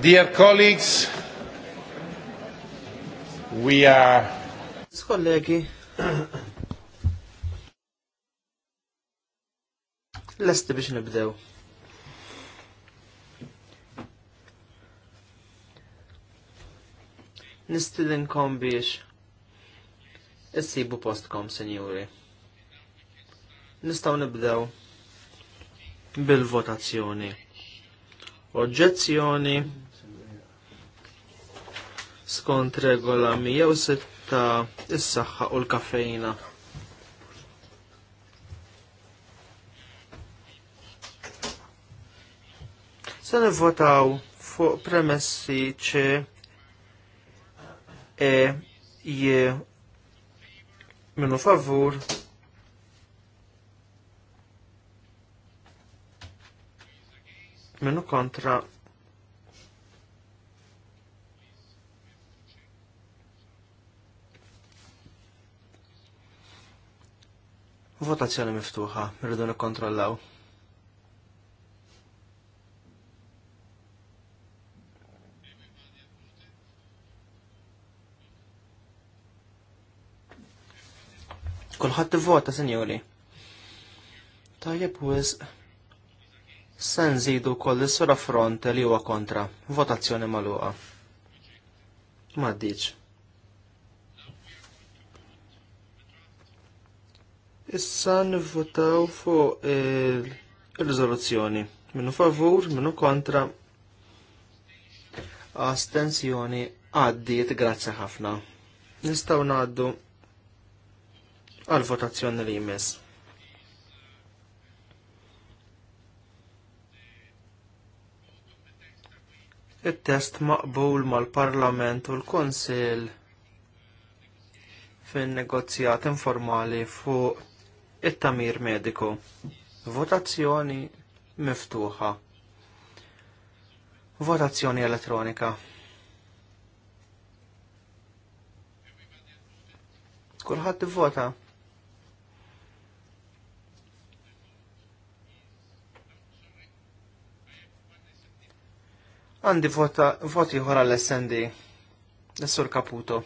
Dear colleagues, we are... Kollegi, l-esti biex nibdew. Nistidinkom biex issibu postkom, senjuri. Nistaw nibdew bil-votazzjoni oġġezzjoni skont regola 106 is-saħħa u l-kafejna. Se nivvotaw fuq premessi ċe e j minu favur minnu kontra Votazzjoni miftuħa, rridu nikkontrollaw. Kulħadd ivvota, sinjuri. Tajjeb wisq. Se nżidu koll is-sura front li huwa kontra. Votazzjoni magħluqa. M'għaddiċ. Issa nivvotaw fuq il-riżoluzzjoni. Minnu favur, minnu kontra. Astenzjoni għaddiet grazzi ħafna. Nistaw ngħaddu għal votazzjoni li jmiss. it-test maqbul mal-Parlament u l-Konsil fin negozjat informali fuq it-tamir mediku. Votazzjoni miftuħa. Votazzjoni elettronika. Kulħadd ivvota. vota Għandi voti ħora l-SND, l-Sur Caputo.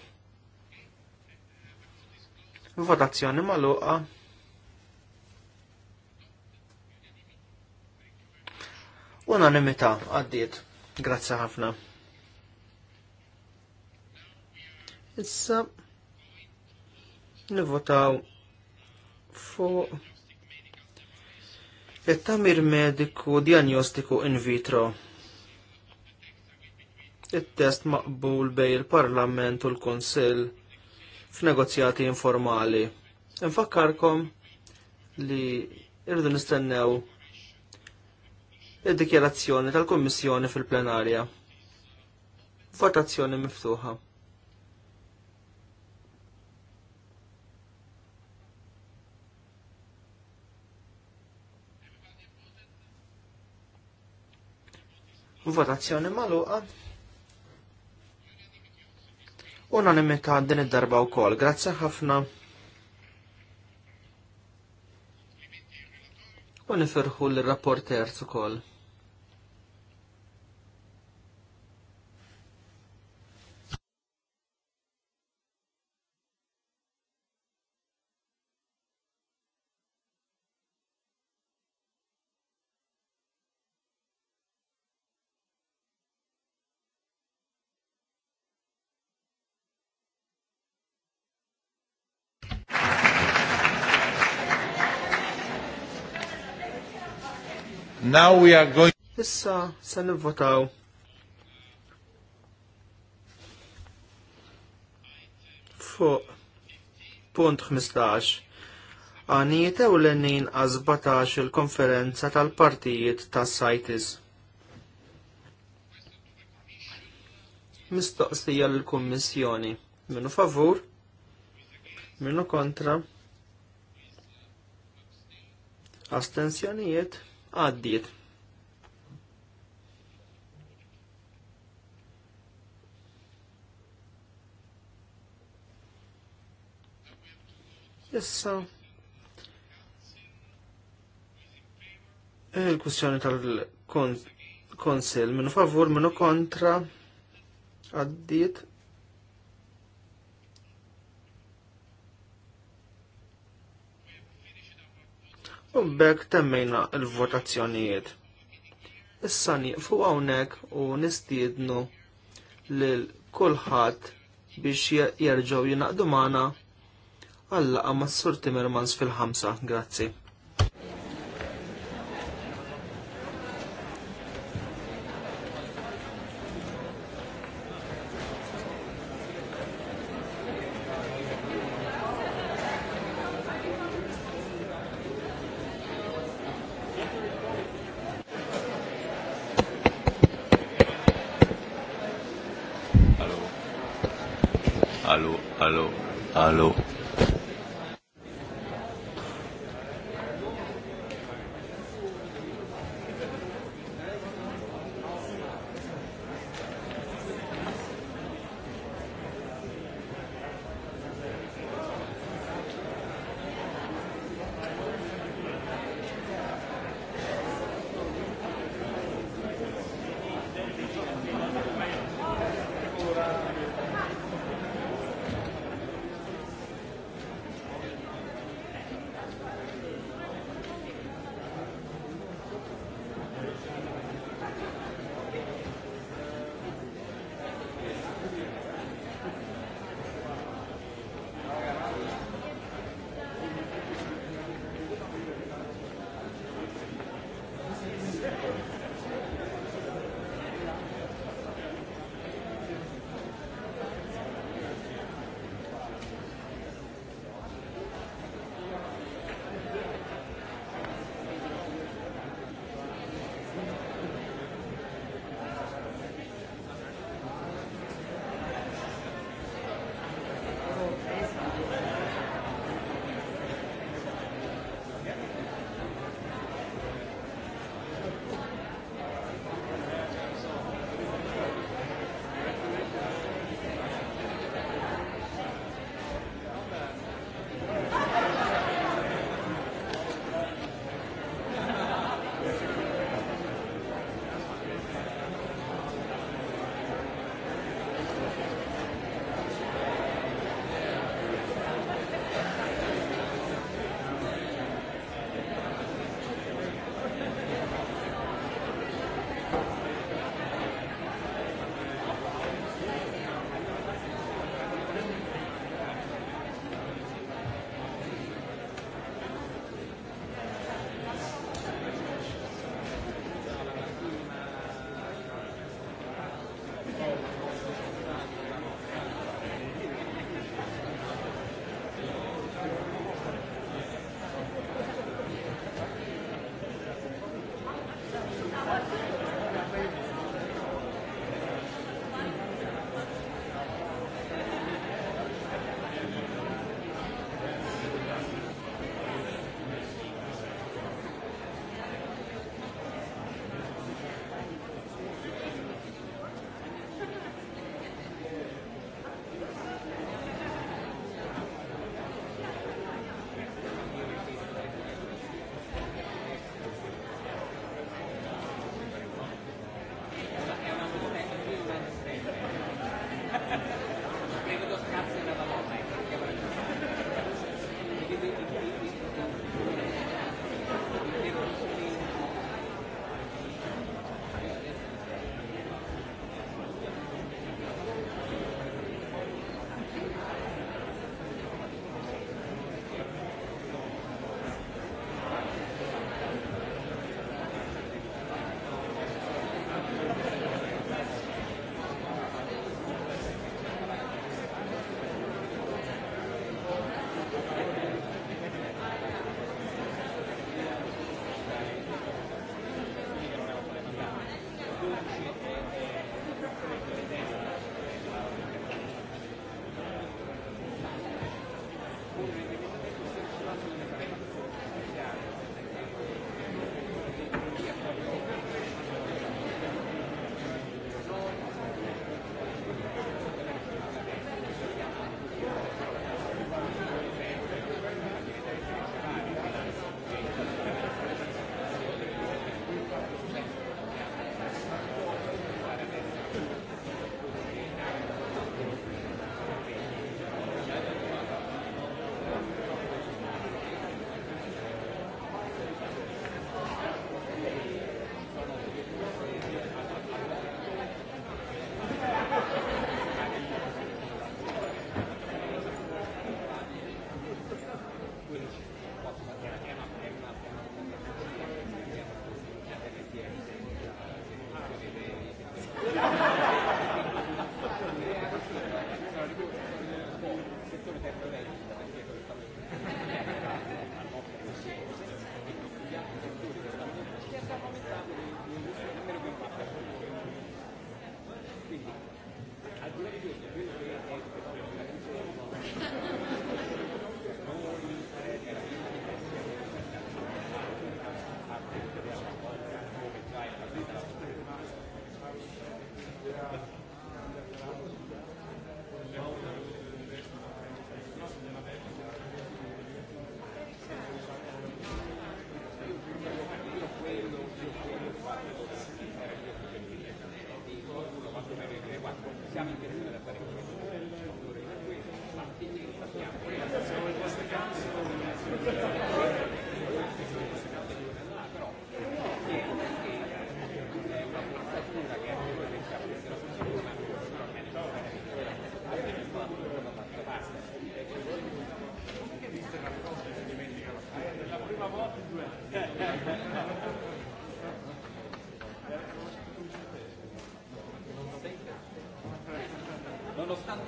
Votazzjoni luqa. Unanimità għaddiet. Grazzi ħafna. Issa nivotaw fuq it-tamir mediku diagnostiku in vitro it-test maqbul bej il-Parlament u l-Kunsill f'negozjati informali. Infakkarkom li irdu nistennew id-dikjerazzjoni tal-Kommissjoni fil-plenarja. Votazzjoni miftuħa. Votazzjoni maluqa unanimità din id-darba wkoll. Grazzi ħafna. U l l su ukoll. Now we are going... Issa, se nivvotaw. Fuq punt 15. Għanijiet u l-enin għazbatax il-konferenza tal-partijiet tas sajtis Mistoqsija l-Kommissjoni. Minu favur? Minu kontra? Astenzjonijiet? għaddiet. Jessa. il kustjoni tal-konsil minnu favur minnu kontra għaddiet. u bekk temmejna l-votazzjonijiet. Issa nieqfu hawnhekk u nistiednu lil kulħadd biex jerġgħu jinaqdu magħna għallaqa mas-Sur Timmermans fil-ħamsa. Grazzi.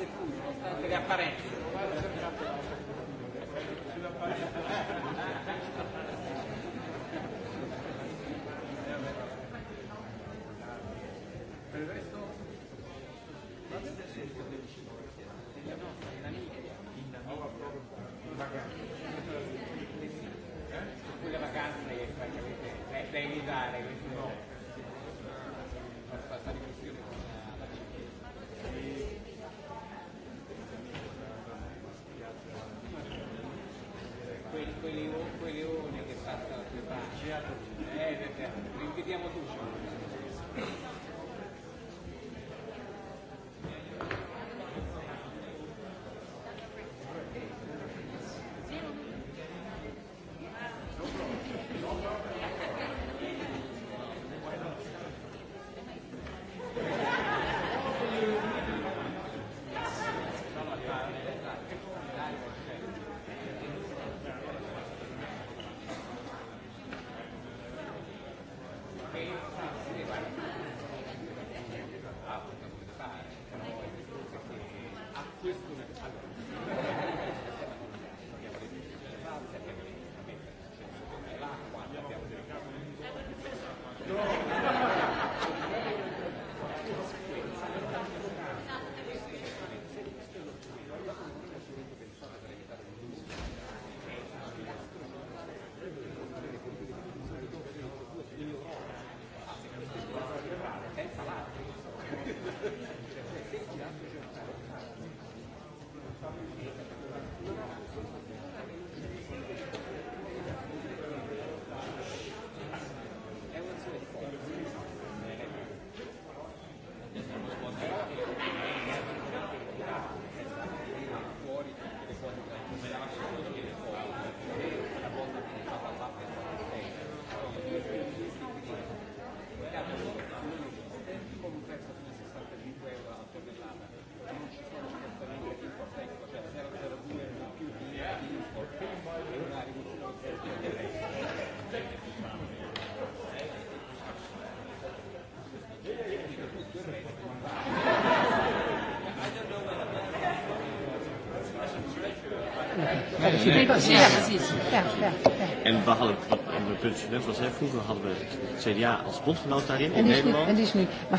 diffuso, nonostante le apparenze. Per il resto, nostra, che praticamente da evitare, questo no. Ja, hadden, en we punt net was, hè, vroeger hadden we het CDA als bondgenoot daarin in Nederland. En die is nu. Maar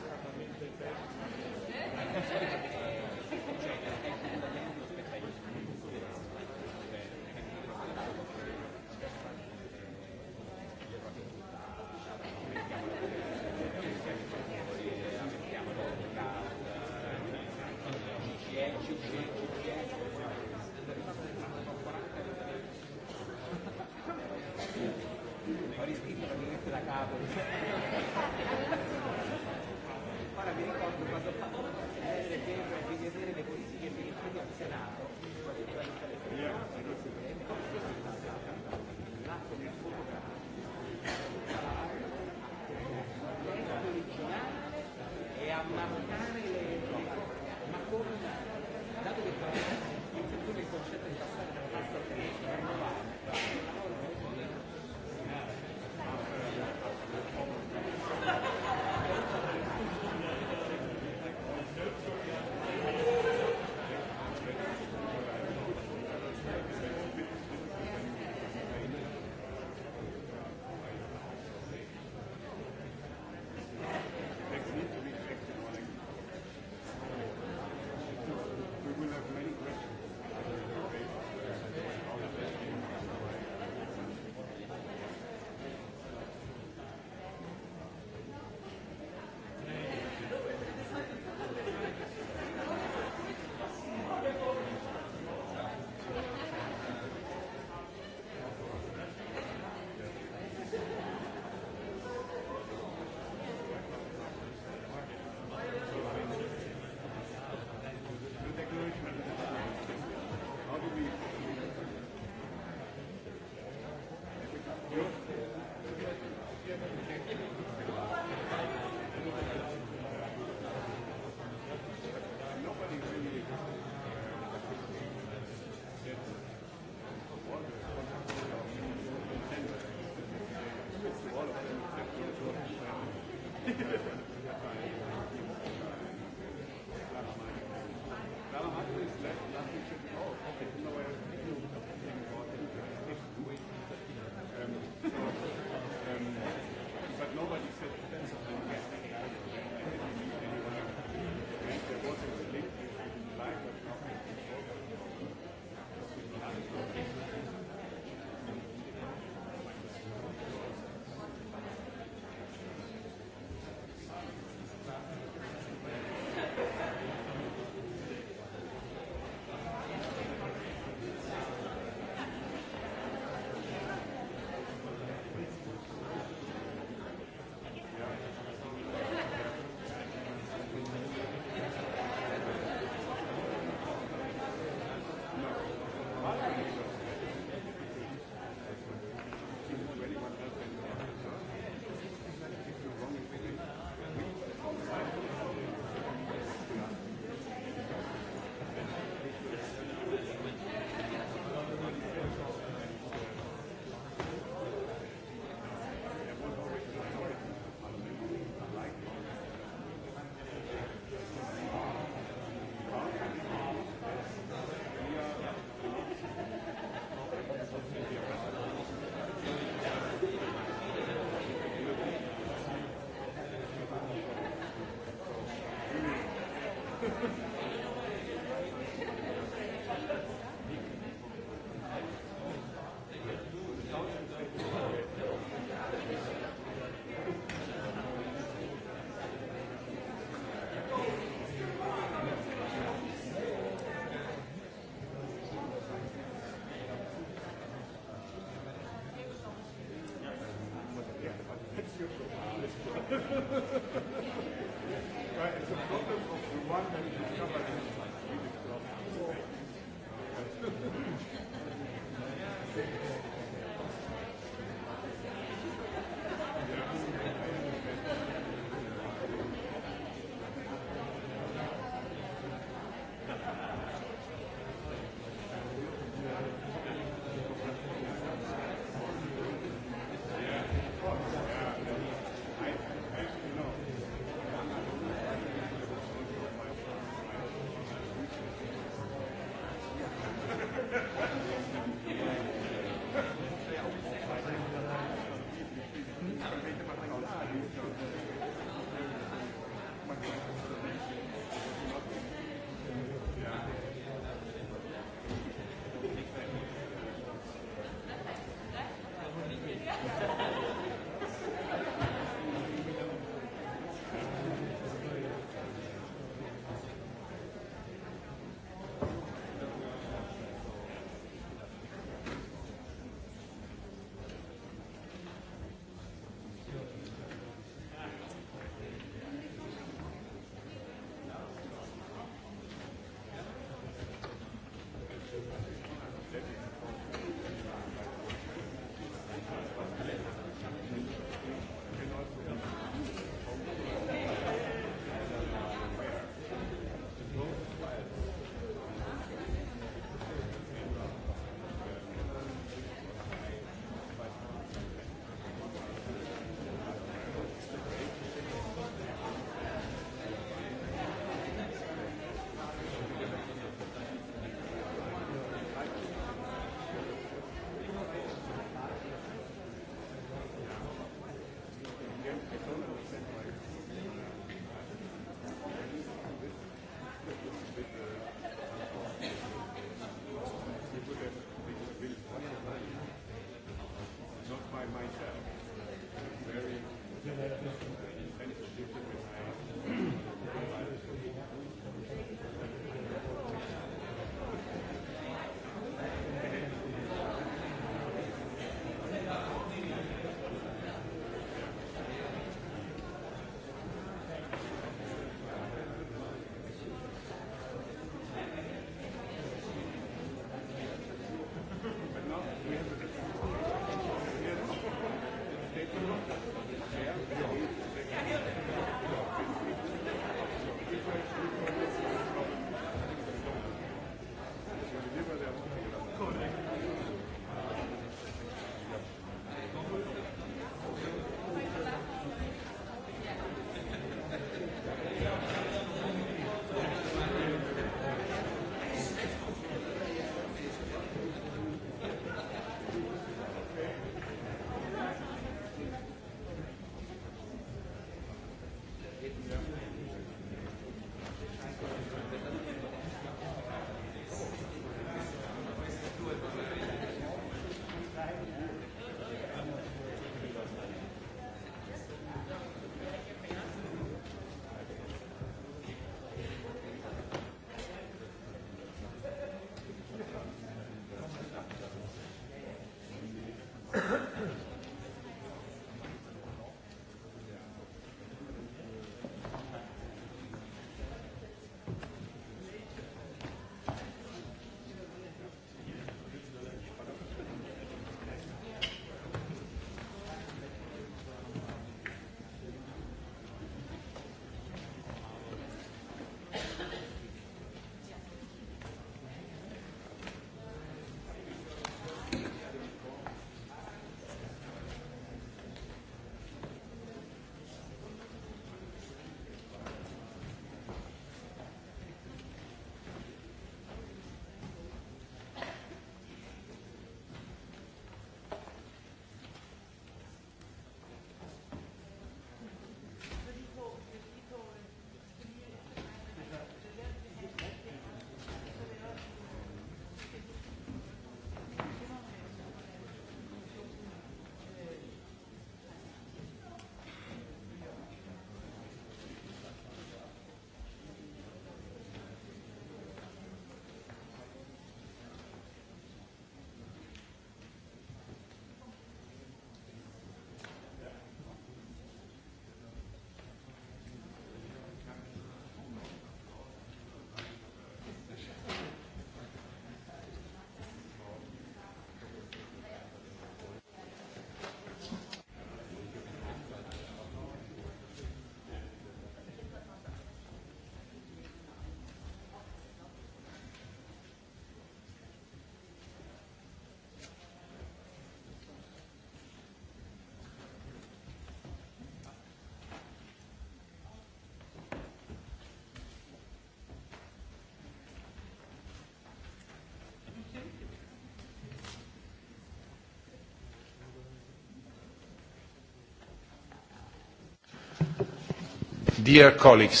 Dear colleagues.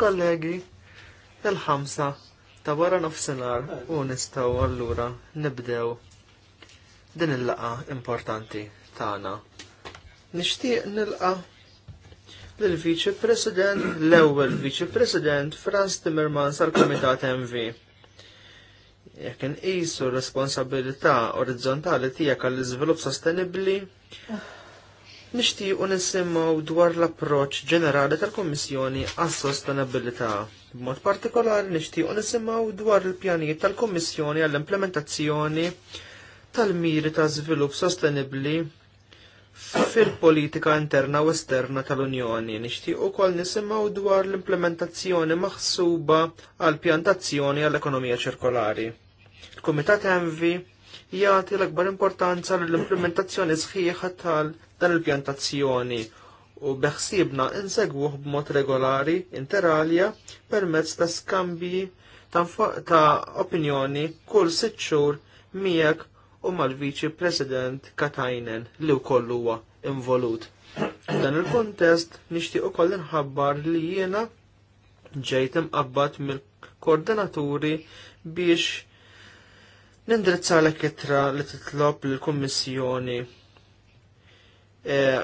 Kollegi, il-ħamsa ta' wara nofsinar u nistaw allura nibdew din il-laqa importanti tagħna. Nixtieq nilqa l viċi President, l-ewwel Viċi President Franz Timmermans għal-Kumitat MV jekk inqisu r-responsabilità orizzontali tiegħek għall iżvilupp sostenibbli, nixtiequ nisimmaw dwar l-approċċ ġenerali tal-Kummissjoni għas-sostenabilità. B'mod partikolari nixtiequ nisimmaw dwar il-pjanijiet tal-Kummissjoni għall-implementazzjoni tal-miri ta' żvilupp sostenibbli fil-politika interna u esterna tal-Unjoni. Nixtieq ukoll nisimgħu dwar l-implementazzjoni maħsuba għall pjantazzjoni għall-ekonomija ċirkolari. Il-Kumitat Envi jgħati l-akbar importanza l implementazzjoni sħiħa tal dan il-pjantazzjoni u beħsibna insegwuh b'mod regolari interalja permezz ta' skambji ta' opinjoni kull sitt xhur miegħek u mal-Viċi President Katajnen li wkoll huwa involut. Dan il-kontest nixtieq ukoll inħabbar li jiena ġejt imqabbad mill-koordinaturi biex Nindrizza l kitra li titlob l-Kommissjoni eh,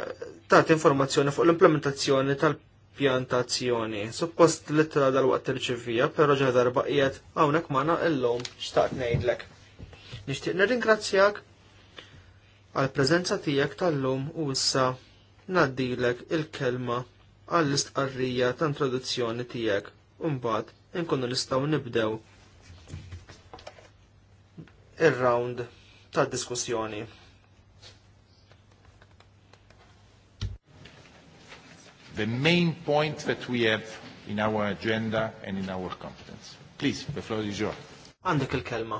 tat informazzjoni fuq l-implementazzjoni tal-pjantazzjoni. Suppost li tra dal-waqt irċivija, pero ġew darba għawnek maħna illum xtaqt ngħidlek. Nixtieq nirringrazzjak għal prezenza tiegħek tal-lum u issa naddilek il-kelma għall-istqarrija ta' introduzzjoni tiegħek. Imbagħad nkunu nistgħu nibdew il round tad-diskussjoni. The main point that we have in our agenda and in our competence. Please, the floor is yours. Għandek il-kelma.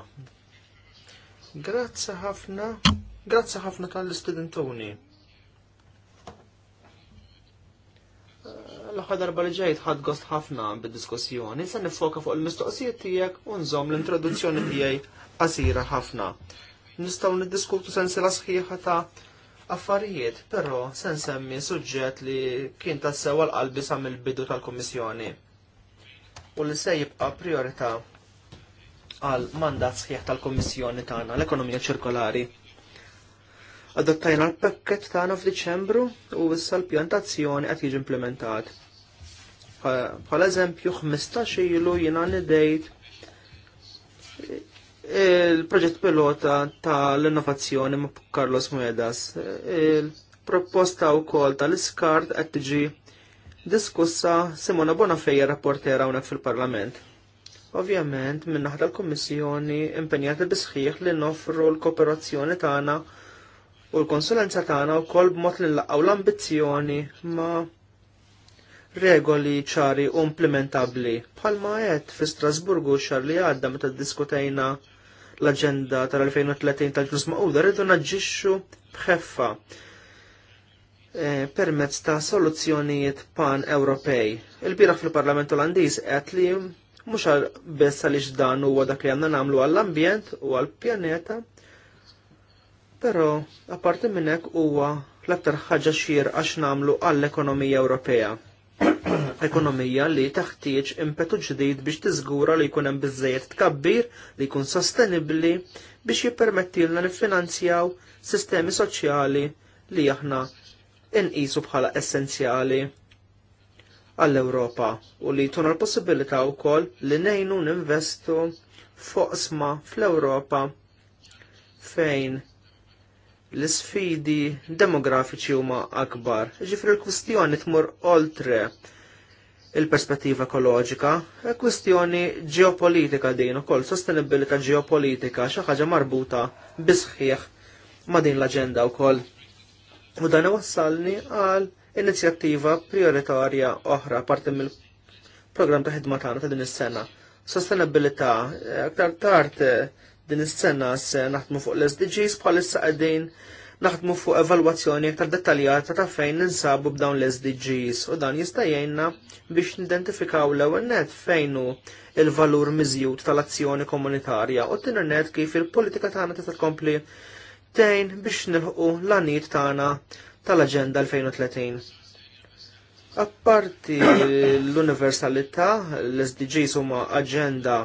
Grazie ħafna, grazie ħafna tal-istudentuni. L-ħad darba li ġejt ħad gost ħafna bid-diskussjoni, se nifoka fuq il-mistoqsijiet tiegħek u nżomm l-introduzzjoni tiegħi qasira ħafna. Nistgħu niddiskutu sensi la sħiħa ta' affarijiet, però se nsemmi suġġett li kien tassewa l-qalbi sa mill-bidu tal-Kummissjoni u li se jibqa' priorità għal mandat sħiħ tal komissjoni tagħna l-ekonomija ċirkolari. Adottajna l-pakket tagħna f'Diċembru u issa l-pjantazzjoni qed jiġi implementat. Bħal eżempju 15 ilu jiena nidejt il-proġett pilota tal-innovazzjoni ma' Carlos Muedas. Il-proposta u kol tal-iskart qed tiġi diskussa Simona Bonafeja rapportera hawnhekk fil-Parlament. Ovvjament, minn naħda l-Kommissjoni impenjata bisħiħ li noffru l-kooperazzjoni tagħna u l-konsulenza tagħna wkoll b'mod li nlaqgħu l-ambizzjoni ma' regoli ċari u implementabbli. Bħalma għed fi Strasburgu xar li għadda meta ddiskutejna l-agenda tal-2030 tal-ġnus maquda rridu naġġixxu bħeffa eh, permezz ta' soluzzjonijiet pan-Ewropej. Il-bira fil-Parlament Olandiż qed li mhux biss għaliex dan huwa dak li għandna nagħmlu għall-ambjent u għall-pjaneta, però apparti minn hekk huwa l-aktar ħaġa xir għax nagħmlu għall-ekonomija Ewropea. ekonomija li taħtieġ impetu ġdid biex tiżgura li jkun hemm biżejjed tkabbir li jkun sostenibbli biex jippermettilna niffinanzjaw sistemi soċjali li aħna inqisu bħala essenzjali għall-Ewropa u li jtuna l-possibilità wkoll li nejnu ninvestu foqsma fl-Ewropa fejn l-sfidi demografiċi huma akbar. Ġifri l-kwistjoni tmur oltre il-perspettiva ekoloġika, kwistjoni ġeopolitika din ukoll sostenibilità ġeopolitika xi ħaġa marbuta bisħieħ ma' din l-aġenda wkoll. U dan iwassalni għal inizjattiva prioritarja oħra parti mill-programm ta' ħidma tagħna ta' din is-sena. Sostenibilità aktar tard Din is-sena se naħdmu fuq l-SDGs bħalissa qegħdin naħdmu fuq evalwazzjoni aktar dettaljata ta' fejn ninsabu b'dawn l-SDGs u dan jista' jgħinna biex nidentifikaw l-ewwel net fejn hu il-valur miżjud tal-azzjoni komunitarja u t net kif il-politika tagħna tista' tkompli tgħin biex nilħqu l għanit tagħna tal-Aġenda 2030. Apparti l-universalità, l-SDGs huma aġenda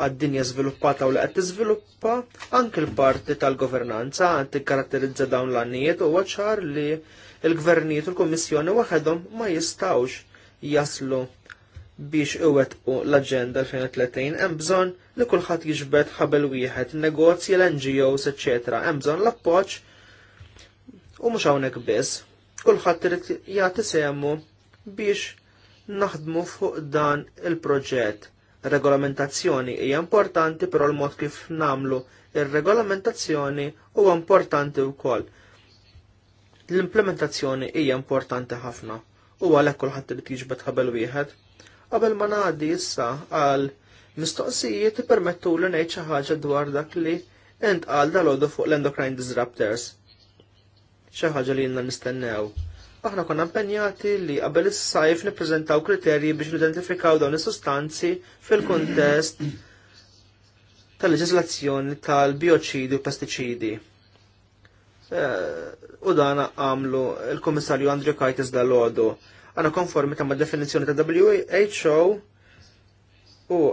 għad-dinja żviluppata u li qed tiżviluppa, anke l-parti tal-governanza għad tikkaratterizza dawn l-għannijiet u ċar li l-gvernijiet u l-Kummissjoni waħedhom ma jistawx jaslu biex iwettqu l-Aġenda 2030 hemm bżonn li kulħadd jiġbed ħabel wieħed, negozji l-NGOs, eċċetera, hemm bżonn l-appoġġ u mhux hawnhekk biss. Kulħadd irid jagħti semmu biex naħdmu fuq dan il-proġett regolamentazzjoni hija importanti, però l-mod kif namlu ir-regolamentazzjoni huwa importanti wkoll. L-implementazzjoni hija importanti ħafna u għalhekk kulħadd li tiġbed ħabel wieħed. Qabel ma ngħaddi issa għal mistoqsijiet ipermettuli li ngħid xi ħaġa dwar dak li int qal dalodu fuq l-endocrine disruptors. Xi ħaġa li jinna nistennew aħna konna impenjati li qabel is-sajf nippreżentaw kriterji biex nidentifikaw dawn is-sustanzi fil-kuntest tal-leġislazzjoni tal-bioċidi u pestiċidi. Eh, u dan għamlu il kummissarju Andrew Kajtis dal odu Għana konformi ta' ma' definizjoni ta' WHO u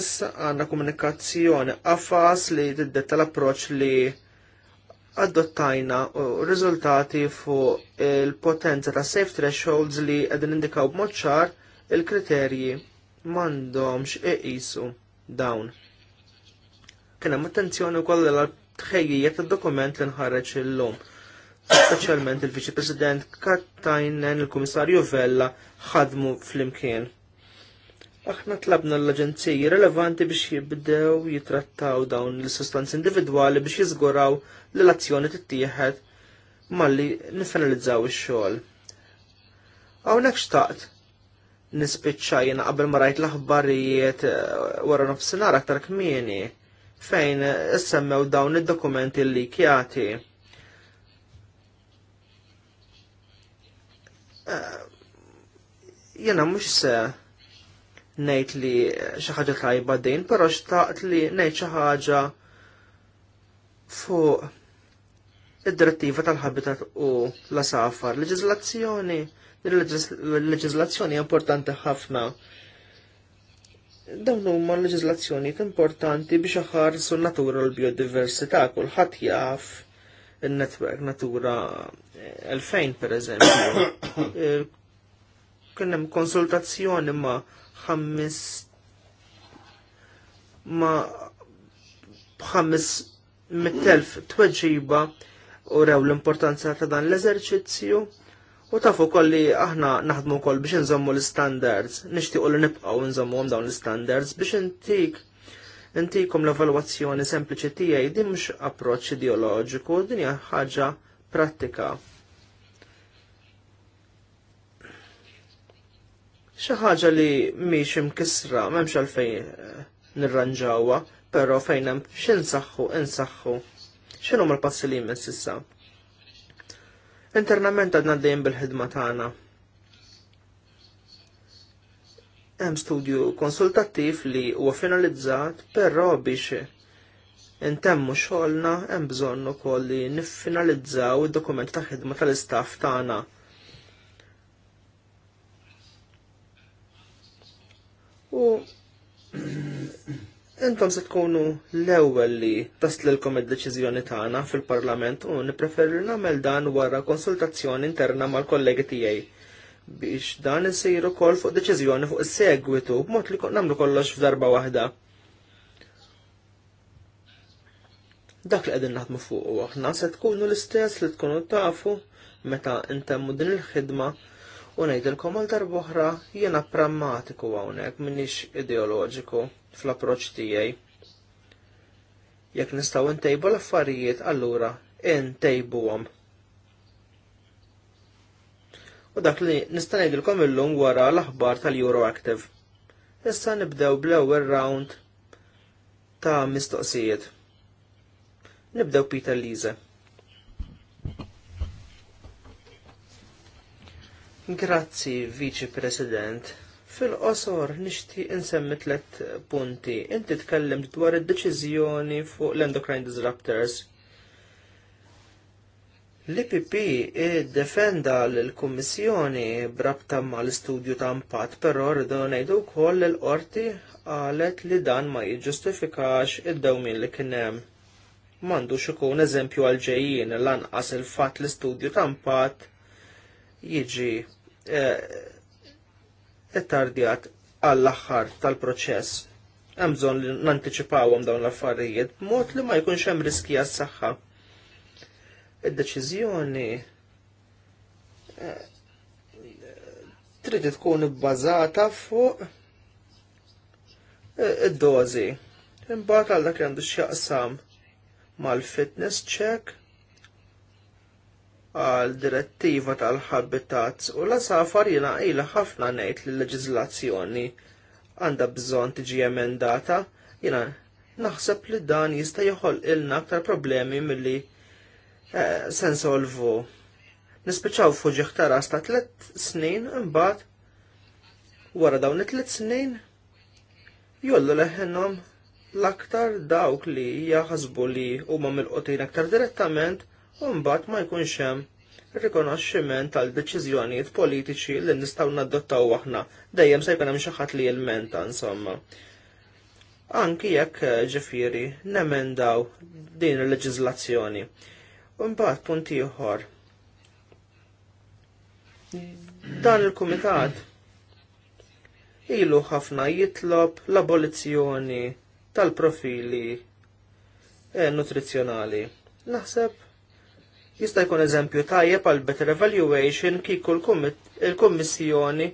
issa għanna komunikazzjoni għafas li tiddetta l-approċ li adottajna uh, riżultati fuq il-potenza ta' safe thresholds li qegħdin indikaw b'mod ċar il-kriterji m'għandhomx iqisu dawn. Kien hemm attenzjoni wkoll l tħejjija tad-dokument li nħareġ illum. Speċjalment il-Viċi President Kattajnen il-Kummissarju Vella ħadmu flimkien. Aħna tlabna l-aġenziji relevanti biex jibdew jitrattaw dawn l-sustanzi individwali biex jiżguraw l-azzjoni tittieħed malli nifanalizzaw ix-xogħol. Hawnhekk xtaqt nispiċċajna qabel ma rajt l-aħbarijiet eh, wara nofsinhar aktar kmieni fejn semmew dawn id-dokumenti li kjati. Eh, Jena mhux se ngħid li xi ħaġa tajba din, però xtaqt li ngħid xi ħaġa fuq id-direttiva tal-habitat u l-asafar. Leġizlazzjoni, leġizlazzjoni importanti ħafna. Dawn huma leġizlazzjoni importanti biex aħarsu natura l biodiversità kulħadd jaf in-netwerk Natura 2000 pereżempju. Eh, kien hemm konsultazzjoni ma' ħammis ma' ħammis mit-telf tweġiba u rew l-importanza ta' dan l-eżerċizzju u tafu kolli aħna naħdmu kol biex nżommu l-standards, nishtiqu li nibqaw nżommu dawn l-standards biex intik intikom l-evalwazzjoni sempliċi tiegħi din mhux approċċ ideoloġiku, din hija ħaġa prattika. Xi ħaġa li mhix imkisra m'hemmx għalfejn nirranġawha, però fejn hemm x'insaħħu insaħħu xinu l passi li jimmen sissa. Internament għadna d-dajem bil-ħidma tagħna. Hemm studju konsultattiv li huwa finalizzat, però biex intemmu xogħolna hemm bżonn ukoll li niffinalizzaw id-dokument ta' ħidma tal-istaff tagħna. Ta intom se tkunu l-ewwel li taslilkom id-deċiżjoni tagħna fil-Parlament u nippreferi nagħmel dan wara konsultazzjoni interna mal-kollegi tiegħi biex dan isir ukoll fuq deċiżjoni fuq is-segwitu b'mod li nagħmlu kollox f'darba waħda. Dak li qegħdin naħdmu fuq aħna se tkunu l-istess li tkunu tafu meta intemmu din il-ħidma u ngħidilkom għal darba oħra jiena prammatiku hawnhekk m'iniex ideoloġiku fl-approċ tiegħi. Jekk nistgħu ntejbu l-affarijiet, allura intejbuhom. U dak li nista' ngħidilkom illum wara l-aħbar tal-Euroactive. Issa nibdew bl-ewwel round ta' mistoqsijiet. Nibdew Peter Lise. Grazzi, Viċi President. Fil-qosor nixtieq insemmi tliet punti. Inti tkellem dwar id-deċiżjoni fuq l-endocrine disruptors. L-IPP defenda l-Kummissjoni brabta mal istudju ta' impatt, però rridu ngħidu wkoll l-qorti qalet li dan ma jiġġustifikax id-dawmin li kien hemm. M'għandux ikun eżempju għal ġejjin lanqas il-fatt l-istudju ta' mpat jiġi eh, ittardjat għall-aħħar tal-proċess. Hemm bżonn li nantiċipawhom dawn l-affarijiet b'mod li ma jkunx hemm riski għas-saħħa. Id-deċiżjoni eh, trid tkun ibbażata fuq eh, id-dożi. Imbagħad għal dak li għandu x'jaqsam mal-fitness check għal direttiva tal-habitats u la safar jina ila ħafna nejt li leġizlazzjoni għanda bżon tiġi emendata jina naħseb li dan jista joħol ilna aktar problemi mill-li eh, sensolvu. Nispiċaw fuġi ħtaras ta' tlet snin imbat wara dawn it-tlet snin jollu leħenom l-aktar dawk li jaħasbu li huma mill-qotin aktar direttament Umbat ma jkunx hemm rikonoxximent tal deċiżjonijiet politiċi li nistgħu nadottaw aħna dejjem se jkun hemm xi ħadd li jilmenta insomma anki jekk eh, ġifiri nemendaw din il-leġizlazzjoni. Imbagħad punt ieħor. Dan il-kumitat ilu ħafna jitlob l-abolizzjoni tal-profili eh, nutrizzjonali. Naħseb Jista' jkun eżempju tajjeb għal better evaluation kieku l-Kummissjoni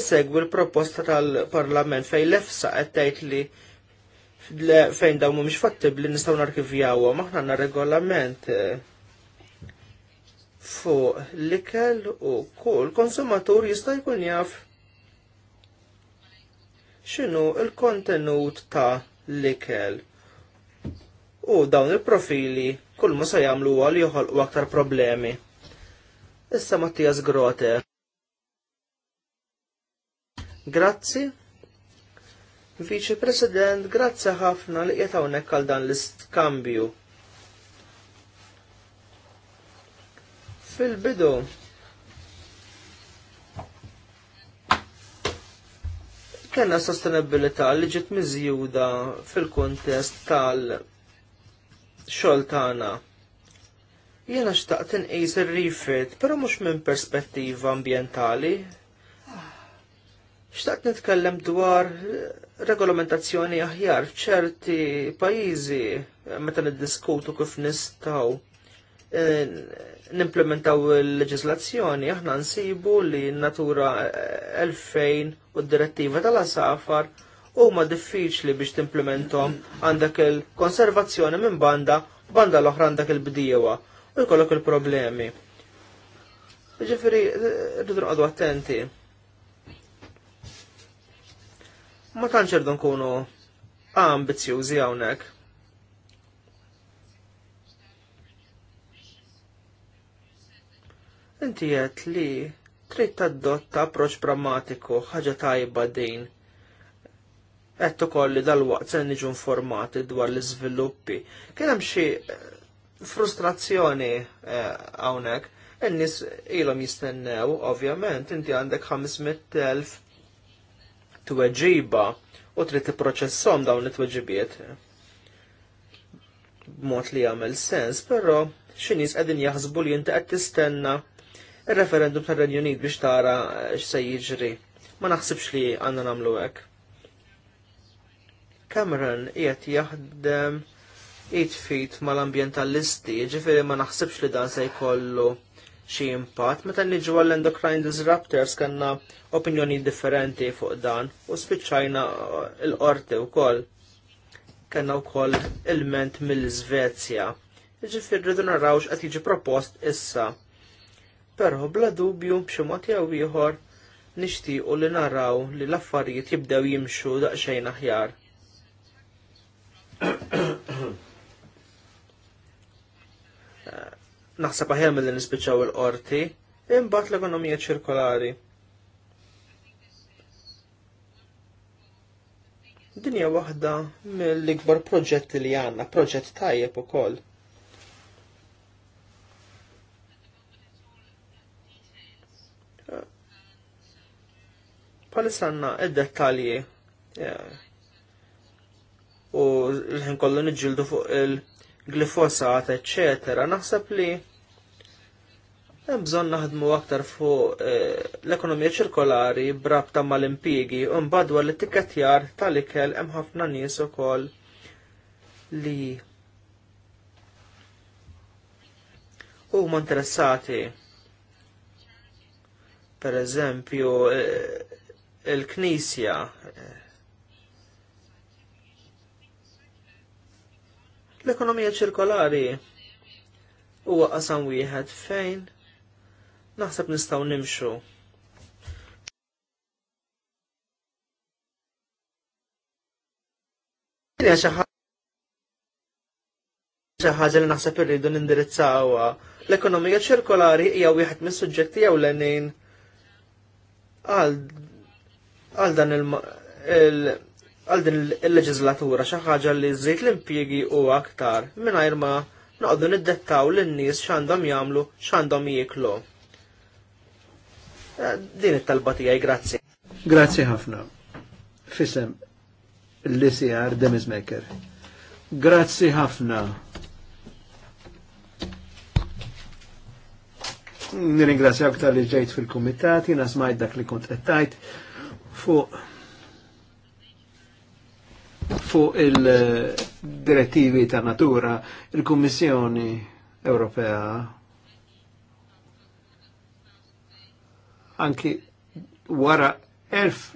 issegwi l-proposta tal-Parlament fejn lefsa qed tgħid li fejn dawn mhumiex fattibbli nistgħu narkivjawhom aħna għanna regolament eh, fuq l-ikel u kull konsumatur jista' jkun jaf x'inhu l-kontenut ta' l-ikel u dawn il-profili kull ma se jagħmlu huwa li joħolqu aktar problemi. Issa Mattias Grote. Grazzi. Vice President, grazzi ħafna li qiegħed hawnhekk għal dan l-iskambju. Fil-bidu, kena sostenibilità li ġiet miżjuda fil-kontest tal- xogħol tagħna. Jiena xtaqt inqis il rifit però mhux minn perspettiva ambjentali. Xtaqt nitkellem dwar regolamentazzjoni aħjar f'ċerti pajjiżi meta niddiskutu kif nistgħu eh, nimplementaw il-leġislazzjoni, aħna nsibu li natura 2000 u d-direttiva tal-asafar huma diffiċli biex timplementom għandek il-konservazzjoni minn banda banda l-oħra għandak il-bdiewa u jkollok il-problemi. Ġifiri, rridu nqodu attenti. Ma tantx irdu nkunu ambizjużi hawnhekk. Inti qed li trid tadotta approċċ pragmatiku ħaġa tajba din qed ukoll li dal-waqt se niġu informati dwar l-iżviluppi. Kien hemm xi eh, frustrazzjoni eh, hawnhekk. In-nies ilhom jistennew, ovvjament, inti għandek 500,000 tweġiba u trid tipproċessom dawn it-tweġibiet b'mod li jagħmel sens, però xi nies qegħdin jaħsbu li inti qed tistenna il referendum tar-Renju Unit biex tara eh, x'se jiġri. Ma naħsibx li għandna nagħmlu hekk. Cameron qiegħed jaħdem it-fit mal-ambientalisti, ġifiri ma naħsibx li dan se jkollu xi impatt. Meta niġu għall endocrine disruptors kanna opinjoni differenti fuq dan u spiċċajna uh, l-qorti wkoll. Kanna wkoll ilment mill-Svezja. Ġifiri rridu narawx qed jiġi propost issa. Però bla dubju b'xi mod jew ieħor nixtiequ li naraw li l-affarijiet jibdew jimxu daqsxejn aħjar Naħseb aħjar mill-li nispiċaw il-qorti, imbagħad l-ekonomija ċirkolari. Dinja waħda mill-ikbar proġett li għandna, proġett tajjeb ukoll. Palisanna, id-dettalji yeah u l-ħin kollu nġildu fuq il-glifosat, etc. Naħseb li hemm bżonn naħdmu aktar fuq eh, l-ekonomija ċirkolari brabta mal impigi u mbagħad li l-tikketjar tal-ikel hemm ħafna nies ukoll li huma interessati per eżempju eh, il-Knisja eh, L-ekonomija ċirkolari huwa qasam wieħed fejn naħseb nistgħu nimxu. ħaġa li naħseb irridu nindirizzawha. L-ekonomija ċirkolari hija wieħed mis-suġġetti jew l-għal dan il- għal din il-leġizlatura xi ħaġa li żżejt l-impjiegi u aktar mingħajr ma noqogħdu niddettaw lin-nies x'għandhom jagħmlu x'għandhom jieklu. Eh, din it-talba tiegħi grazzi. Grazzi ħafna. Fisem l-ICR Demismaker. Grazzi ħafna. Niringrazzja tal-li ġejt fil-komitat, jina smajt dak li kont qed tajt fuq fuq il-direttivi ta' natura, il-Kummissjoni Ewropea anki wara elf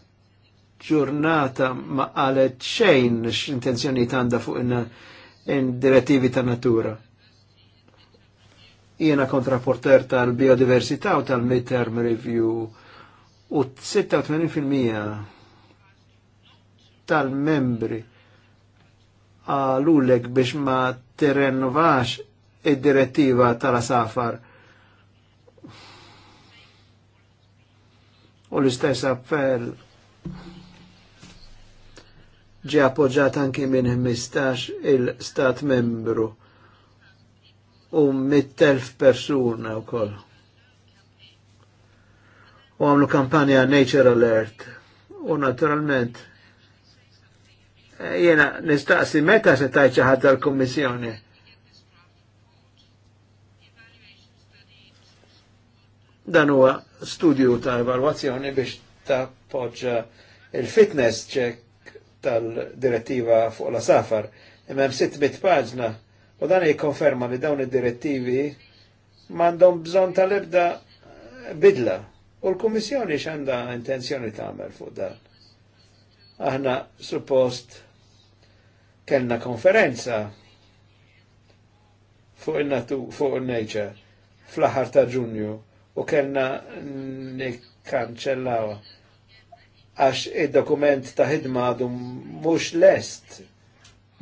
ġurnata ma għalet xejn intenzjoni tanda fuq in-direttivi ta' natura. Jiena kontraporter tal-biodiversità u tal-midterm review u 86% tal-membri għalulek biex ma terrenovax id-direttiva tal-asafar. U l-istess appell ġi appoġġat anki minn 15 il-stat membru u mittelf 100.000 persuna u koll. U għamlu kampanja Nature Alert u naturalment jena nistaqsi meta se tajċa ħadda l-Kommissjoni. Dan huwa studju ta' evalwazzjoni biex ta' poġġa il-fitness check tal-direttiva fuq la safar. Imma hemm 600 paġna u dan jikkonferma li dawn id-direttivi m'għandhom bżonn tal-ebda bidla. U l-Kummissjoni x'għandha intenzjoni tagħmel fuq dan. Aħna suppost kellna konferenza fuq il-natu fuq il-nature fl-aħar ta' ġunju u kellna nikkanċellaw għax id-dokument ta' ħidma għadu mux lest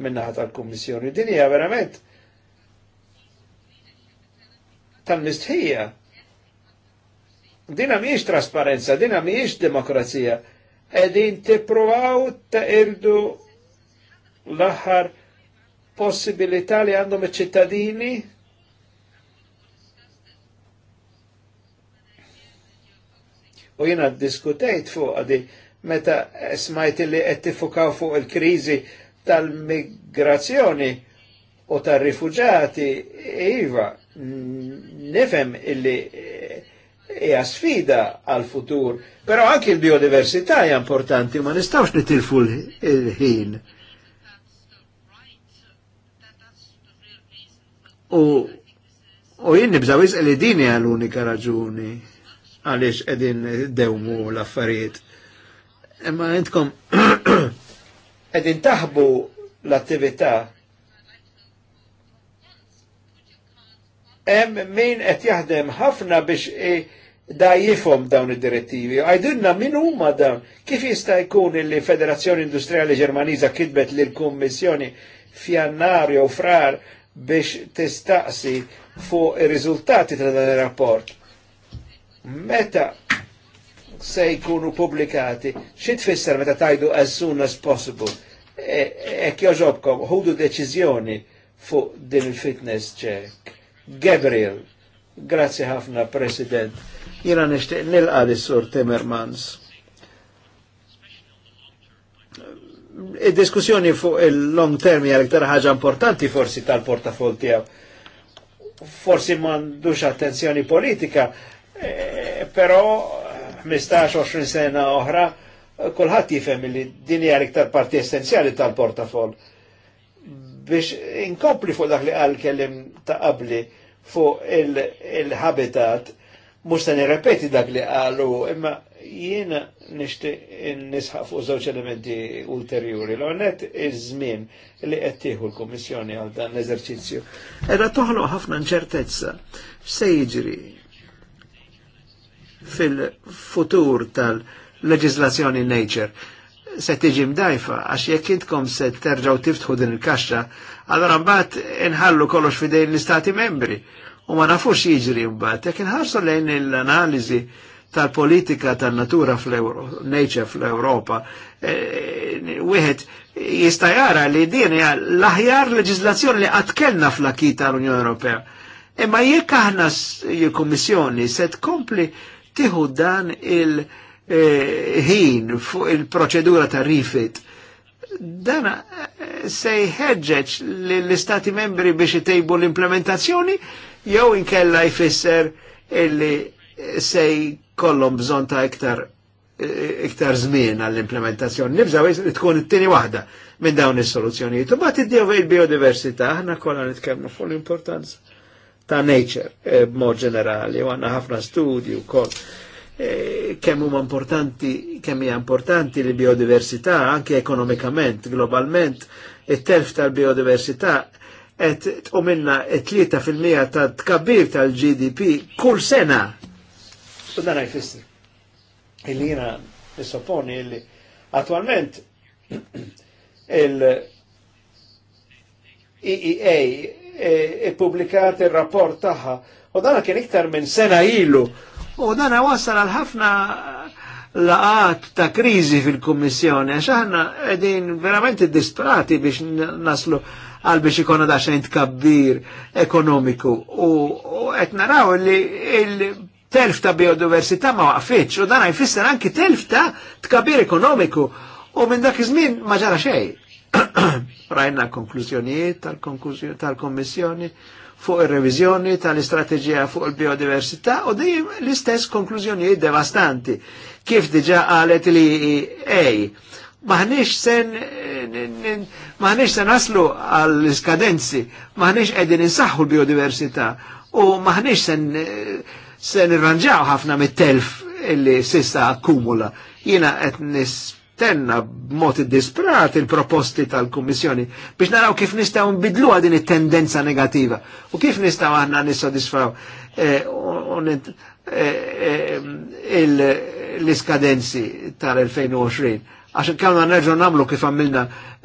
minnaħat tal kummissjoni Din hija verament tal-mistħija. Dina miex trasparenza, dina miex demokrazija. Edin tipruvaw ta' irdu l-aħħar possibilità li għandhom iċ-ċittadini u jina diskutejt fuq għadi meta smajt li qed tifukaw fuq il krizi tal-migrazzjoni u tal rifugġati iva, nifem illi hija sfida għal futur, però anki il biodiversità hija importanti, ma nistawx nitilfu l-ħin. U u jien nibżaw li dini għal-unika raġuni għaliex edin dewmu l-affarijiet. Imma jintkom edin taħbu l-attività hemm min qed jaħdem ħafna biex da dajjifhom dawn id-direttivi. Għajdunna min huma dawn. Kif jista' jkun li federazzjoni Industrijali Ġermaniża kitbet lill kummissjoni f'Jannar jew frar biex testaqsi fuq il-rizultati ta' dan il rapport Meta se jkunu publikati, xi tfisser meta tajdu as soon as possible? Ek e joġobkom, ħudu deċiżjoni fuq din il-fitness check. Gabriel, grazzi ħafna, President. Jina nishtiq nilqa l-Sur Timmermans il diskussjoni fuq il-long term hija l-iktar ħaġa importanti forsi tal-portafol tiegħu. Forsi m'għandux attenzjoni politika, e, però 15-20 sena oħra kulħadd jifhem li din hija l-iktar parti essenzjali tal-portafol. Biex inkompli fuq dak li qal kellim ta' qabli fuq il-habitat, mhux se nirrepeti dak li qalu, imma Jiena nishti nisħaq fuq żewġ elementi ulterjuri. L-għonet iż-żmien li qed tieħu l-Kummissjoni għal dan l-eżerċizzju. Era toħloq ħafna nċertezza se jiġri fil-futur tal-leġislazzjoni nature se tiġi mdajfa, għax jekk intkom se terġaw tiftħu din il-kaxxa, allora mbagħad inħallu kollox fidejn l-istati membri. U ma nafux jiġri mbagħad, jekk inħarsu lejn l-analiżi tal-politika tal-natura fl-nature fl-Europa, eh, wieħed jista' jara li din hija l-aħjar leġislazzjoni li qatt kellna fl akit tal-Unjoni Ewropea. Imma jekk aħna l-Kummissjoni se tkompli tieħu dan il-ħin eh, fuq il-proċedura ta' rifit, dan eh, se jħeġġeġ l-istati membri biex itejbu l-implementazzjoni jew inkella jfisser illi se kollom bżonn ta' iktar iktar żmien għall-implementazzjoni. Nibżaw tkun it-tieni waħda minn dawn is-soluzzjonijiet. U mbagħad iddew il-biodiversità, aħna kollha nitkellmu fuq l-importanza ta' nature e, b'mod ġenerali, u għanna ħafna studi u kol. E, kemm huma importanti, kemm hija importanti li biodiversità anke ekonomikament, globalment, it-telf tal-biodiversità qed minna t-tlieta fil-mija ta' tkabbir tal-GDP kull sena. Su dan jfisser. Illi jina nisopponi illi attualment il-EEA e publikat il-rapport taħħa u dana kien iktar minn sena ilu u dana wasal għal ħafna laqat ta' krizi fil-Kommissjoni, għax aħna edin verament disprati biex naslu għal biex ikona daċċajn kabbir ekonomiku. U qed naraw li telf ta' biodiversità ma waqfitx u dan jfisser anki telf ta' tkabir ekonomiku u minn dak iż-żmien ma ġara xejn. Rajna konklużjonijiet tal-Kommissjoni fuq ir-reviżjoni tal-istrateġija fuq il-biodiversità u dejjem l-istess konklużjonijiet devastanti. Kif diġà qalet li ej, maħniex sen maħniex sen naslu għall-iskadenzi, maħniex qegħdin insaħħu l-biodiversità u maħniex sen se nirranġaw ħafna mit-telf illi sissa akkumula. Jina qed nistenna b'mod disprat il-proposti tal-Kummissjoni biex naraw kif nistgħu nbidlu din it-tendenza negativa u kif nistgħu aħna nissodisfaw eh, eh, eh, l-iskadenzi tal-2020. Għax kellna nerġgħu nagħmlu kif għamilna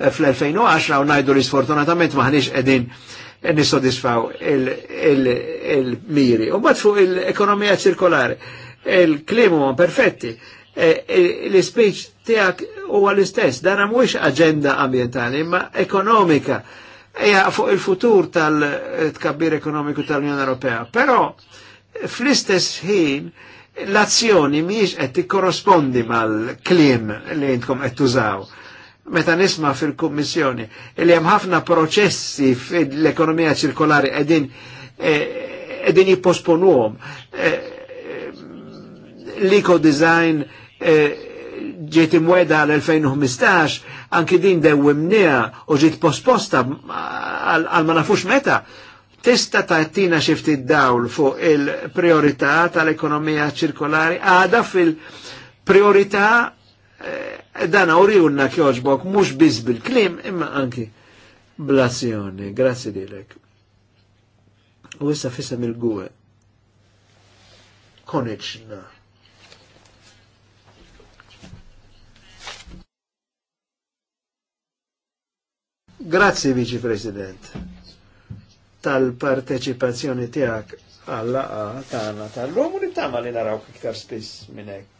fl-2010 u ngħidu li sfortunatament maħniex qegħdin nisodisfaw il-miri. U bat fuq il-ekonomija ċirkolari, il-klimu perfetti, e, e, l-speech tijak u għal-istess, dana mux agenda ambientali, imma ekonomika, eja fuq il-futur tal-tkabbir ekonomiku tal-Unjoni Ewropea. Pero, fl-istess ħin, l-azzjoni miex għetti korrespondi mal-klim li jintkom għettużaw. tużaw meta nisma fil kommissjoni li hemm ħafna proċessi fil-ekonomija ċirkolari qegħdin e, qegħdin jipposponuhom e, l-eco design e, ġiet imweda l-2015 anki din dewwimniha u ġiet posposta għal ma nafux meta tista tattina xifti dawl fuq il-priorità tal-ekonomija ċirkolari għada fil-priorità Eh, dan awrijunna kjoġbok mux biz bil-klim imma anki blazzjoni. Grazzi dilek. U issa fissa il-gwe. Konieċna. Grazzi Vici President tal-parteċipazzjoni tiegħek għalla għatana tal-lum u nittama li narawk iktar spiss minnek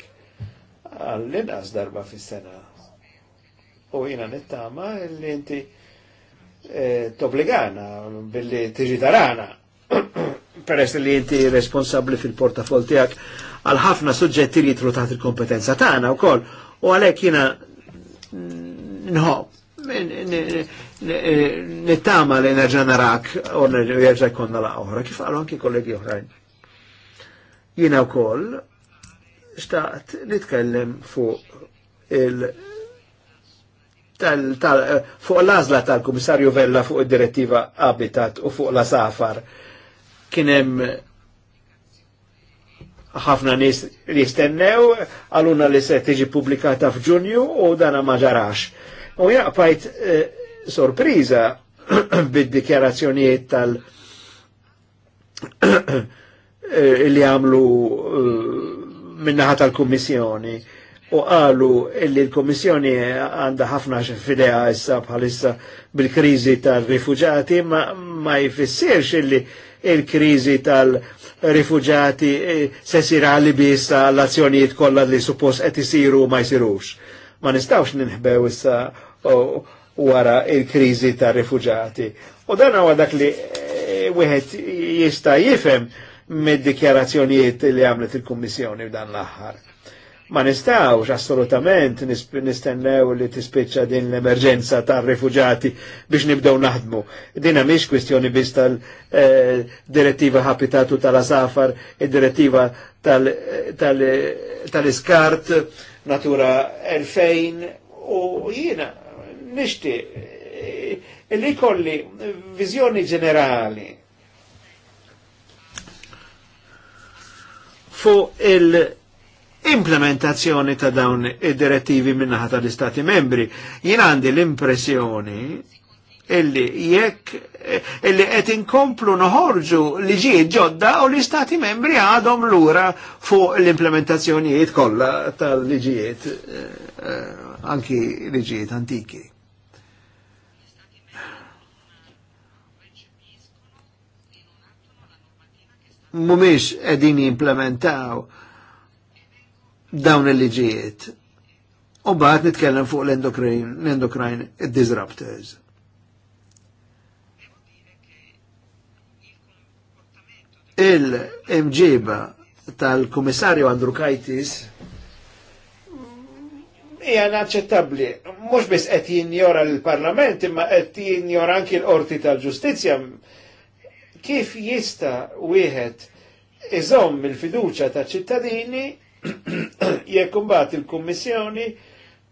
għall-inqas darba fis-sena. U jina nittama li inti e, tobligana billi tiġi tarana peress li inti responsabli fil-portafol tijak għal ħafna suġġetti li jitru taħt il-kompetenza tagħna wkoll u għalhekk jiena nħobb nittama li nerġa' narak u nerġa' jkollna la oħra kif għalu anki kollegi oħrajn. Jiena wkoll xtaqt nitkellem fuq il tal, tal, fuq l-azla tal-Komissarju Vella fuq id-direttiva Habitat u fuq la safar kienem ħafna nis li jistennew għaluna li se tiġi publikata f'Ġunju u dana ma ġarax. U jaqbajt eh, bid-dikjarazzjonijiet tal- eh, li għamlu eh, minnaħat tal-Kummissjoni u qalu illi l-Kummissjoni għandha ħafna fidea issa bħalissa bil-kriżi tal-rifuġati ma, ma jfissirx illi il-kriżi tal-rifuġati eh, se għalli għallibis l azzjonijiet kollha li suppost qed isiru ma jsirux. Ma nistawx ninħbew issa wara il-kriżi tal-rifuġati. U dan għadak dak li eh, wieħed jista' jifhem mid-dikjarazzjonijiet li għamlet il-Kummissjoni f'dan l-aħħar. Ma nistawx assolutament nistennew li tispiċċa din l-emerġenza tar rifuġati biex nibdew naħdmu. Dina mhix kwistjoni biss tal-direttiva eh, Habitatu tal-Asafar, id-direttiva tal-iskart tal, tal Natura 2000 u jina nishti eh, li kolli viżjoni ġenerali fuq il-implementazzjoni ta' dawn id-direttivi minnaħa tal-Istati membri. Jien għandi l-impressjoni illi jekk illi qed inkomplu noħorġu liġijiet ġodda u l-Istati membri għadhom lura fuq l-implementazzjonijiet kollha tal-liġijiet eh, anki liġijiet antiki. mumiex edin jimplementaw dawn il-liġijiet. U bħat nitkellem fuq l-endocrine, l disruptors. Il-imġiba tal-komissarju Andru Kajtis hija naċċettabbli. Mhux biss qed jinjora l-Parlament imma qed jinjora anki l-Qorti tal-Ġustizzja kif jista wieħed iżomm il-fiduċa ta' ċittadini jekk imbagħad il-Kummissjoni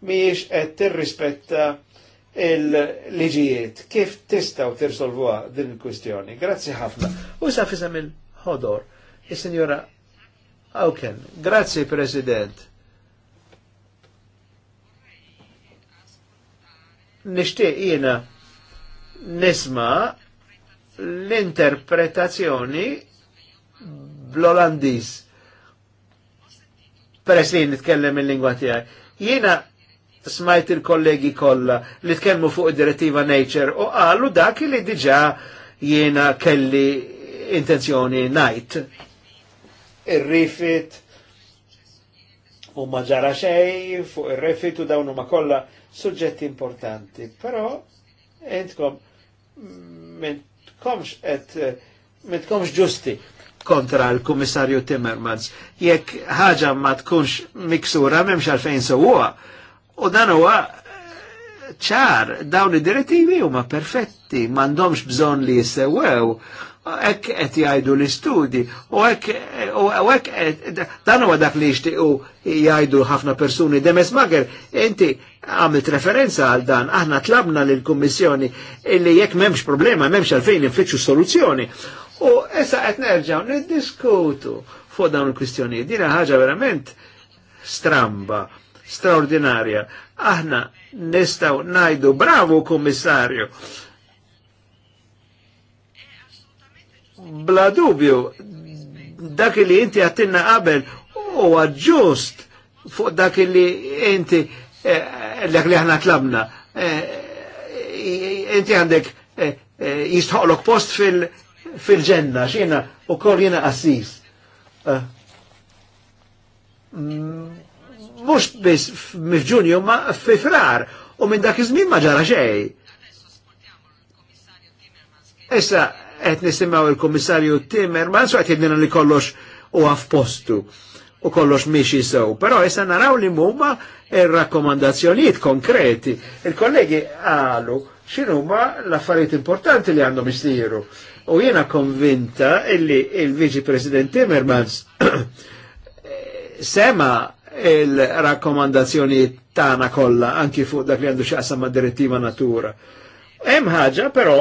mhijiex qed tirrispetta il-liġijiet. Kif tistaw tirsolvuha din il-kwistjoni? Grazzi ħafna. U sa fisem il-ħodor, is-Sinjora Awken. Grazzi President. Nishtiq jina nisma' l-interpretazzjoni bl-Olandiż. Peress li nitkellem il-lingwa tiegħi. Jiena smajt il-kollegi kollha li tkellmu fuq id-direttiva Nature u għallu dak li diġa jiena kelli intenzjoni najt. Ir-rifit u ma ġara xej fuq ir-rifit u dawnu ma kollha suġġetti importanti. Però entkom ment mm, tkomx et eh, ma tkomx ġusti kontra l-Kummissarju Timmermans. Jekk ħaġa ma tkunx miksura m'hemmx għalfejn sewwa. U dan huwa eh, ċar dawn id-direttivi huma perfetti, m'għandhomx bżonn li jissewwew. Ek qed jgħidu l-istudji u hekk dan huwa dak li u jgħidu ħafna persuni. Demes Mager, inti għamilt referenza għal dan, aħna tlabna lill-Kummissjoni illi jekk m'hemmx problema, m'hemmx għalfejn infittxu soluzzjoni. U issa qed nid niddiskutu fuq dawn il kwistjoni Dina ħaġa verament stramba, straordinarja. Aħna nistaw najdu bravo kommissarju. bla dubju dak li inti għattinna qabel u għadġust fuq dak li inti eh, dak li ħana tlabna. Eh, inti għandek eh, jistħoqlok post fil-ġenna, xina u kol jina assis. Mm, mux bis mifġunju ma fifrar u minn dak iż ma ġara xej. Issa qed nisimaw il Timmer, ma u qed jibdina li kollox u f'postu u kollox miexi sew. Però jessan naraw li mumma il-rakkomandazzjoniet konkreti. Il-kollegi għalu x'inhuma l-affarijiet importanti li għandhom isiru. U jena konvinta illi il-Viċi President Timmermans sema il-rakkomandazzjonijiet tana kolla anki fuq dak li għandu xaqsa ma' direttiva natura. Hemm ħaġa però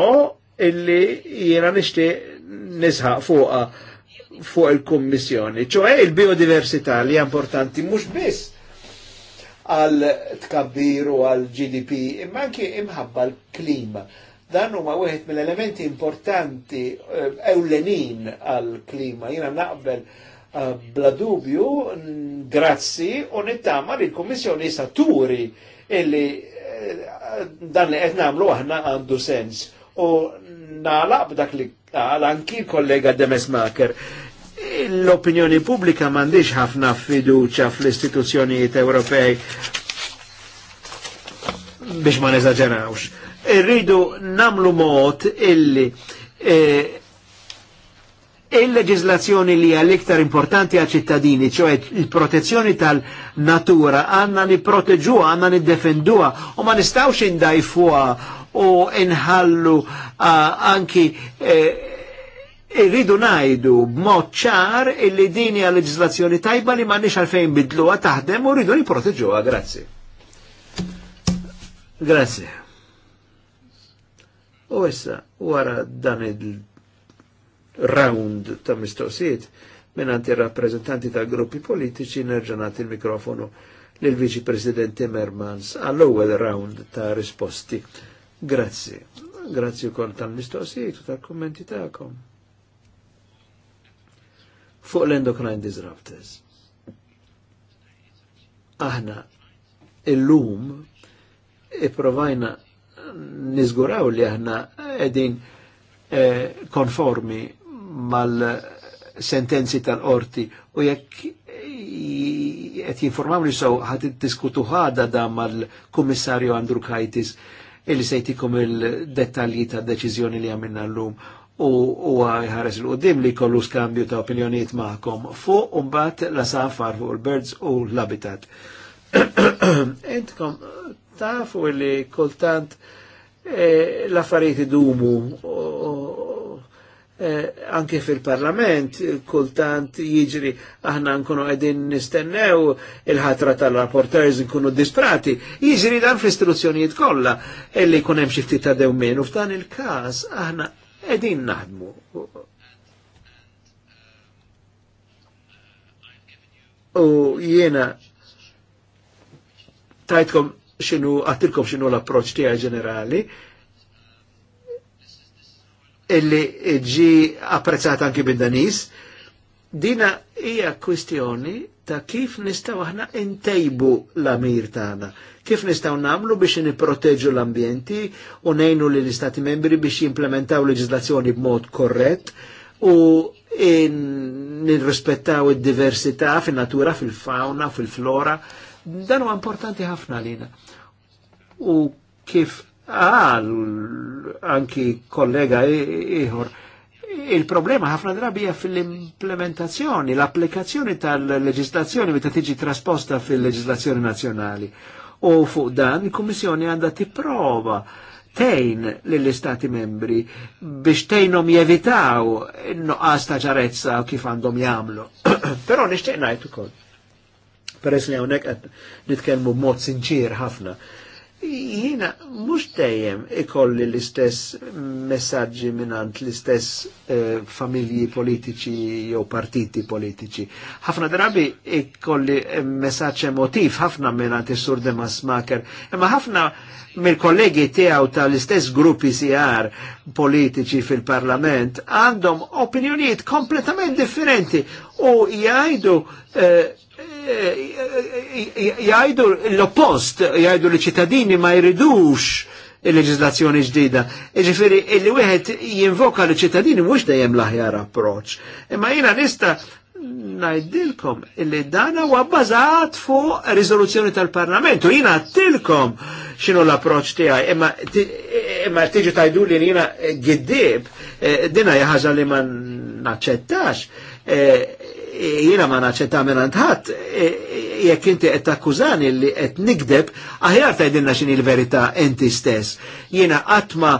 illi jiena nixtieq nisħaq fuqa fuq il-Kummissjoni. ċoħe il-biodiversità li importanti mhux biss għal tkabbir u għal GDP, imma anki imħabba l-klima. Dan huma wieħed mill-elementi importanti eh, ewlenin għal klima. Jiena naqbel eh, bla dubju, grazzi u nittama li l-Kummissjoni saturi illi eh, dan li qed nagħmlu aħna għandu sens. U nalab dak li għal anki kollega Demes Maker l-opinjoni pubblika mandiġ ħafna fiduċa fl-istituzzjonijiet Ewropej biex ma neżagġerawx. Irridu namlu mod illi e, il-leġizlazzjoni li għal iktar importanti għal ċittadini, ċoħe il-protezzjoni tal-natura, għanna niproteġuha, għanna niddefenduha, u ma nistawx indajfuha u inħallu anki e, irridu najdu b'mod ċar illi dinja hija leġislazzjoni tajba li m'għandniex għalfejn bidluha taħdem u rridu niprotegġuha, grazzi. Grazzi. U issa wara dan il-round ta' mistoqsijiet minn ir-rappreżentanti ta' gruppi politiċi nerġanat il-mikrofonu lil viċi President Timmermans għall-ewwel round ta' risposti. Grazzi. Grazzi wkoll tal-mistoqsijiet u tal kommenti ta'kom. Fuq l endokrine disruptors. Aħna illum provajna nizguraw li aħna edin eh, konformi mal-sentenzi tal orti u jekk qed jinformaw li sew ħad diskutu ħada da mal-Kummissarju Andru Kajtis illi sejtikom il-dettalji ta' deċiżjoni li għamilna l-lum u għajħares l qoddim li kollu skambju ta' opinjoniet maħkom fuq umbat la safar fuq il-birds u l-habitat. Entkom fuq li kultant eh, l-affarijiet idumu eh, anke fil-parlament kultant jiġri aħna nkunu għedin nistennew il-ħatra tal-rapporters nkunu disprati, jiġri dan fl istruzzjonijiet kolla illi jkun hemm xi ftit ta' dewmien u f'dan il-każ aħna qegħdin naħdmu. U jiena tajtkom xinu, għattilkom xinu l-approċ tiegħi ġenerali, illi ġi apprezzata anki bid-danis. Dina hija kwistjoni ta' kif nistaw aħna intejbu l-amir tagħna, kif nistaw namlu biex niproteġu l-ambjenti u nejnu li l-istati membri biex jimplementaw leġislazzjoni b'mod korrett u nirrispettaw id-diversità fin-natura, fil-fauna, fil-flora, dan huwa importanti ħafna lina. U kif Ah anki kollega iħor, il-problema ħafna drabija fil-implementazzjoni, l-applikazzjoni tal-leġislazzjoni meta tiġi trasposta fil-leġislazzjoni nazjonali. U fuq dan il-Kummissjoni għandha tipprova tejn lill-Istati membri biex tejnom jevitaw n-nuqqas ta' ċarezza kif għandhom jamlu. Però nixtieq ngħid ukoll. Peress li hawnhekk qed nitkellmu b'mod sinċir ħafna Jina, mux dejjem ikolli l-istess messagġi minant l-istess eh, familji politiċi jew partiti politiċi. ħafna drabi ikolli messaġġ emotiv ħafna minant il-sur Demasmaker, imma ħafna mill-kollegi tiegħu tal-istess gruppi sijar politiċi fil-parlament għandhom opinjonijiet kompletament differenti u jgħidu eh, jgħidu l-oppost, jgħidu li ċittadini ma jridux il-leġizlazzjoni ġdida. Ġifiri, illi wieħed jinvoka li ċittadini mhux dejjem l-aħjar approċ. Imma jiena nista ngħidilkom illi dan huwa bbażat fuq riżoluzzjoni tal-Parlamentu. Jiena tilkom x'inhu l-approċċ tiegħi, imma tiġi tajdu li jiena giddib, eh, dina hija ħaġa li ma naċċettax eh, jiena ma naċċet minn ħadd e, e, jekk inti qed takkużani li qed nikdeb aħjar tgħidilna xini l-verità inti stess. Jiena qatt ma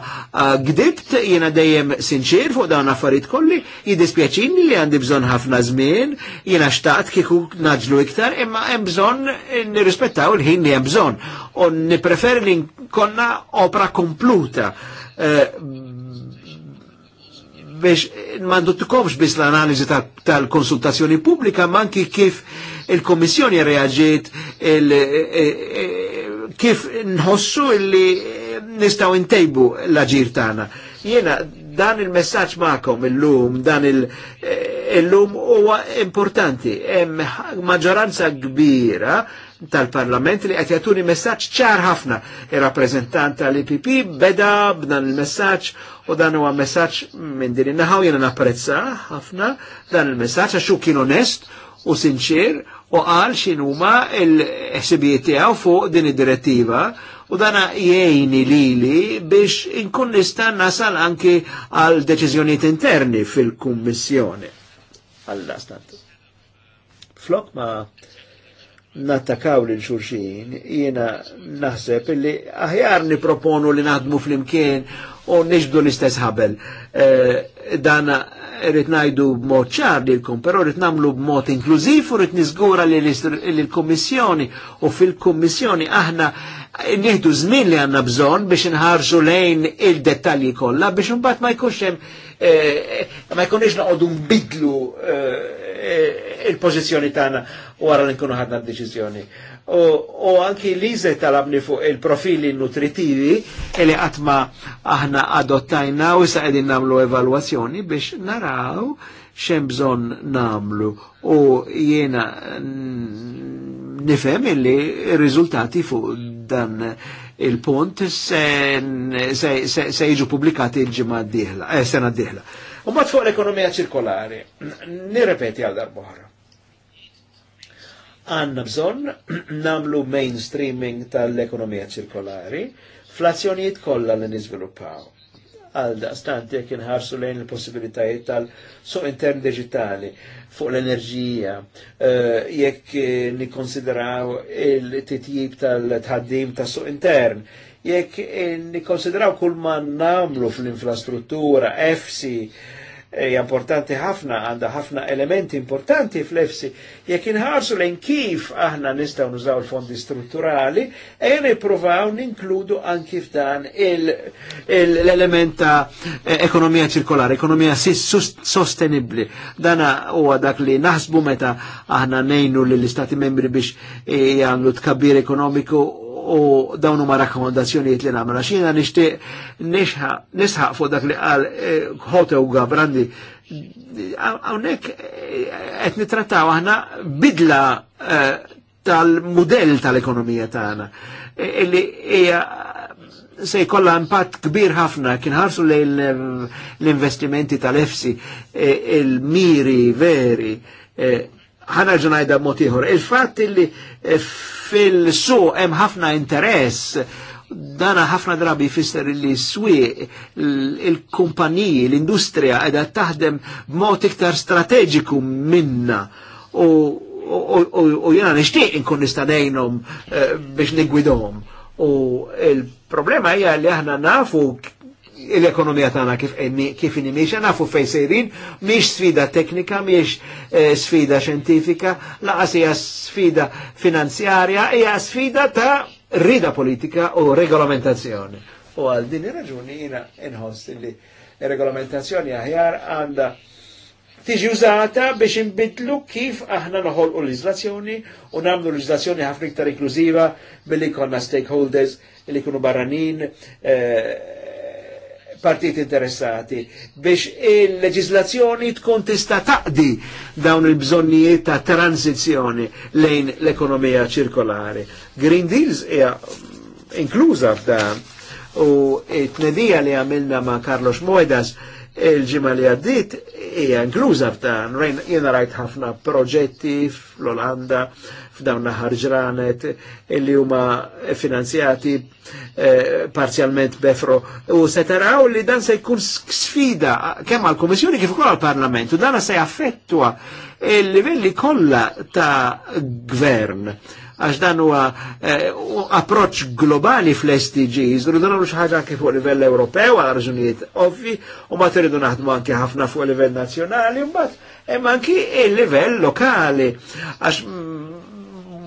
gdibt, jiena dejjem sinċir fuq dawn affarijiet kolli, jiddispjaċini li għandi bżonn ħafna żmien, jiena xtaqt kieku naġlu iktar, imma hemm bżonn nirrispettaw il-ħin li hemm bżonn. U nippreferi li konna opra kompluta e, biex mandu t-komx biex l-analizi tal-konsultazzjoni ta pubblika, ma anki kif il-Komissjoni reagġiet il, e- e- e- kif nħossu illi nistaw intejbu l-ġir tana. Jena, dan il-messaċ ma'kom il-lum, dan il-lum huwa importanti. Hemm maġġoranza kbira tal-Parlament li qed messaċ ċar ħafna. il rappreżentant tal-IPP beda b'dan il-messaġġ u dan huwa messaċ minn din in-naħa napprezza ħafna dan il messaċ għax kien onest u sinċir u qal x'inhuma l sbt għaw fuq din id-direttiva u dana jgħini lili biex inkun nistan nasal anki għal deċiżjonijiet interni fil-Kummissjoni. Alla stant. Flok ma' nattakaw li xurxin, jina naħseb illi aħjar niproponu li naħdmu fl-imkien u nixdu l-istess ħabel. Eh, Dana rrit najdu b'mod ċar lilkom, però rrit namlu b'mod inklużiv u rrit nizgura li l-Kommissjoni u fil-Kommissjoni aħna nieħdu żmien li għandna bżonn biex nħarġu lejn il-dettalji kollha biex imbagħad ma jkunx hemm eh, ma jkunx noqogħdu nbidlu eh, il pozizjoni tagħna wara li nkunu ħadna d-deċiżjoni. U anki liże talabni fuq il-profili nutritivi li għatma aħna adottajna u issa qegħdin nagħmlu evalwazzjoni biex naraw xem bżon namlu u jiena nifhem illi r-riżultati fuq dan il-punt se jiġu pubblikati il-ġimma d-dihla, eh, sena d-dihla. U mat fuq l-ekonomija ċirkolari, nirrepeti għal darbohra għanna bżon namlu mainstreaming tal-ekonomija ċirkolari fl-azzjonijiet kollha li niżviluppaw. Għal daqstant jekk inħarsu lejn il-possibilitajiet tal-suq intern digitali fuq l-enerġija, eh, jekk nikonsideraw il-titjib tal-tħaddim tas suq intern, jekk nikkonsidraw kull ma namlu fl-infrastruttura, EFSI, hija e importanti ħafna, għandha ħafna elementi importanti fl-EFSI, jekk inħarsu lejn kif aħna nistgħu nużaw il-fondi strutturali, e nippruvaw ninkludu anki f'dan l-element ta' e, ekonomija ċirkolari, ekonomija sostenibbli. Dana huwa dak li naħsbu meta aħna nejnu lill istati membri biex e, jagħmlu tkabbir ekonomiku u dawn huma rakkomandazzjonijiet li nagħmel Xina jiena nixtieq nisħaq fuq dak li qal ħote eh, u Gabrandi hawnhekk eh, qed nitrattaw aħna bidla eh, tal modell tal-ekonomija tagħna illi hija se jkollha impatt kbir ħafna kien ħarsu lejn l-investimenti tal-EFSI il-miri veri ħanarġu ngħidha b'mod il fat illi eh, fil su hemm ħafna interess dana ħafna drabi fisser li s-swieq, il-kumpaniji, l-industrija edha taħdem mod iktar strateġiku minna u, u, jena nishtiq nkun nistanejnom eh, biex nigwidhom. U il-problema hija li aħna nafu l-ekonomija tagħna kif kif inimiex nafu fejn sejrin, miex sfida teknika, miex eh, sfida xjentifika, laqas hija sfida finanzjarja, hija sfida ta' rida politika u regolamentazzjoni. U għal din ir-raġuni jiena inħoss li regolamentazzjoni aħjar għandha tiġi użata biex imbidlu kif aħna u l-izlazzjoni u namlu l-izlazzjoni ħafna iktar inklużiva billi konna stakeholders li kunu barranin eh, partiti interessati biex il-leġislazzjoni tkun tista' taqdi dawn il-bżonnijiet ta' tranzizjoni lejn l-ekonomija ċirkolari. Green Deals hija inkluża f'dan u t-nedija li għamilna ma' Carlos Moedas il-ġimma li għaddit hija inkluża f'dan, jena rajt ħafna proġetti fl-Olanda, f'dawn naħar ġranet illi huma finanzjati eh, parzjalment befro. U se taraw li dan se jkun sfida kemm għall-Kummissjoni kif ukoll għall-Parlament u dan se jaffettwa il-livelli kollha ta' gvern għax dan huwa eh, approċċ approċ globali fl-SDGs, rridu nagħmlu xi ħaġa anke fuq livell Ewropew għal raġunijiet ovvi, u mbagħad irridu naħdmu anke ħafna fuq livell nazzjonali, mbagħad hemm anki il-livell lokali għax mm,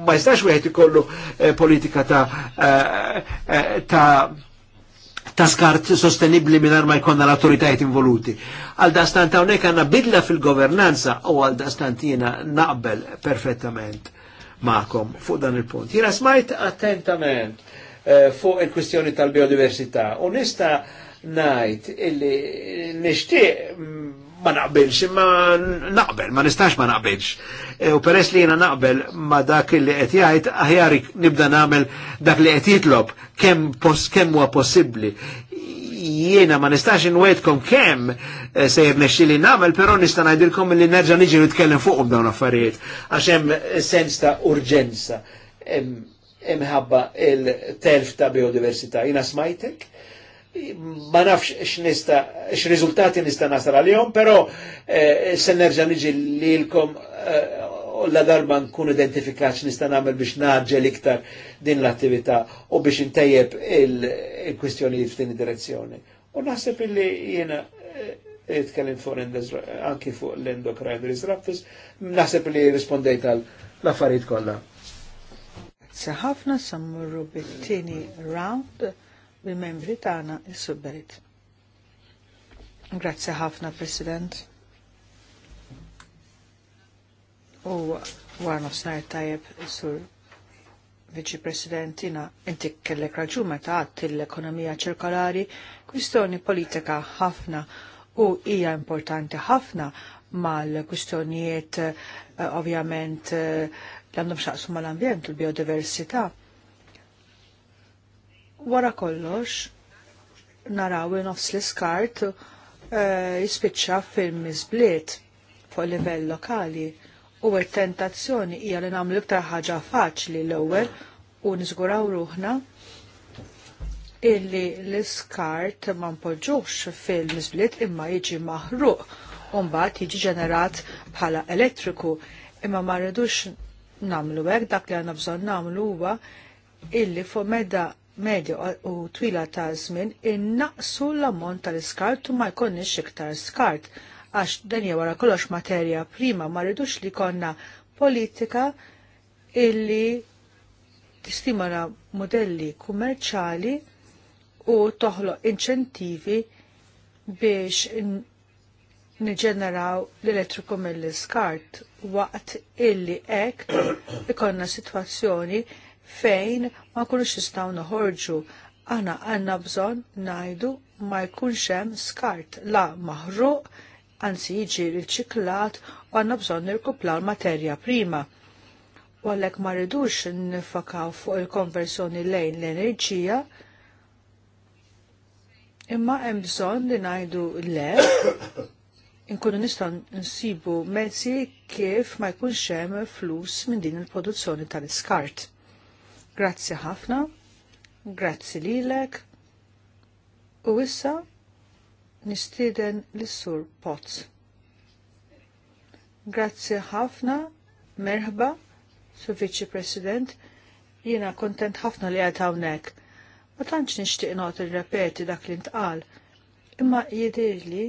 ma jistax wieħed ikollu eh, politika ta' eh, eh, ta' ta' skart sostenibli minar ma jkonna l autoritajt involuti. Għal dastant hawnhekk għandna bidla fil-governanza u għal dastant jiena naqbel perfettament ma'kom fuq dan il-punt. Jira smajt attentament fuq il-kwistjoni tal-biodiversità u nista' illi nishtiq mm, ma naqbilx, ma naqbel, ma nistax ma naqbilx. E, u peress li jena naqbel ma dak li qed jgħid aħjarik nibda nagħmel dak li qed jitlob kemm kemm huwa possibbli. Jiena ma nistax inwedkom kemm e, se jirnexxi li nagħmel, però nista' ngħidilkom li nerġa' niġi nitkellem fuqhom dawn affarijiet għax hemm sens ta' urġenza imħabba il-telf ta' biodiversità. Jina smajtek? ma nafx x rizultati nista' nasra għalihom, però eh, se nerġa' niġi lilkom u eh, la darba nkun identifikax nista' namel biex naġġe liktar din l-attività u biex intejjeb il-kwistjoni il f'din direzzjoni U naħseb li jena eh, itkellim fuq anki fuq l-endocrine disruptors, naħseb li rispondejt għal l-affarijiet kollha. Seħafna sammurru bit-tieni round il membri tagħna is-subbejt. Grazzi ħafna, President. U għarna f'snar tajjeb, Sur Viċi President, inti kellek raġun meta għadt l-ekonomija ċirkolari, kwistjoni politika ħafna u hija importanti ħafna mal-kwistjonijiet eh, ovvjament eh, l-għandhom xaqsu mal-ambjent, il-biodiversità Wara kollox, naraw nofs l-iskart uh, jispiċċa film miżbliet fuq livell lokali u t-tentazzjoni hija li nagħmlu iktar ħaġa faċli l-ewwel u niżguraw ruħna illi l-iskart ma npoġġux fil-miżbliet imma jiġi maħruq u mbagħad jiġi ġenerat bħala elettriku imma ma rridux nagħmlu hekk dak li għandna bżonn nagħmlu huwa illi fuq medda medju u twila ta' żmien innaqsu l-ammont tal-iskart u ma jkollniex iktar skart għax denja wara kollox materja prima ma rridux li konna politika illi tistimola modelli kummerċali u toħloq inċentivi biex niġeneraw l-elettriku mill-iskart waqt illi ek ikonna situazzjoni fejn ma kunux jistaw noħorġu. Aħna għanna bżon najdu ma jkunx hemm skart la maħruq, anzi jiġi riċiklat u għanna bżon nirkupla l-materja prima. U għalhekk ma rridux nifakaw fuq il-konversjoni lejn l-enerġija, imma hemm bżon li najdu le inkunu nistgħu nsibu mezzi kif ma jkunx hemm flus minn din il-produzzjoni tal-iskart. Grazzi ħafna, grazzi lilek, u issa nistieden l-sur Potts. Grazzi ħafna, merħba, Sur Viċi President, jiena kontent ħafna li għed hawnhekk. Ma tantx nixtieq noqgħod irrepeti dak li ntqal, imma jidhirli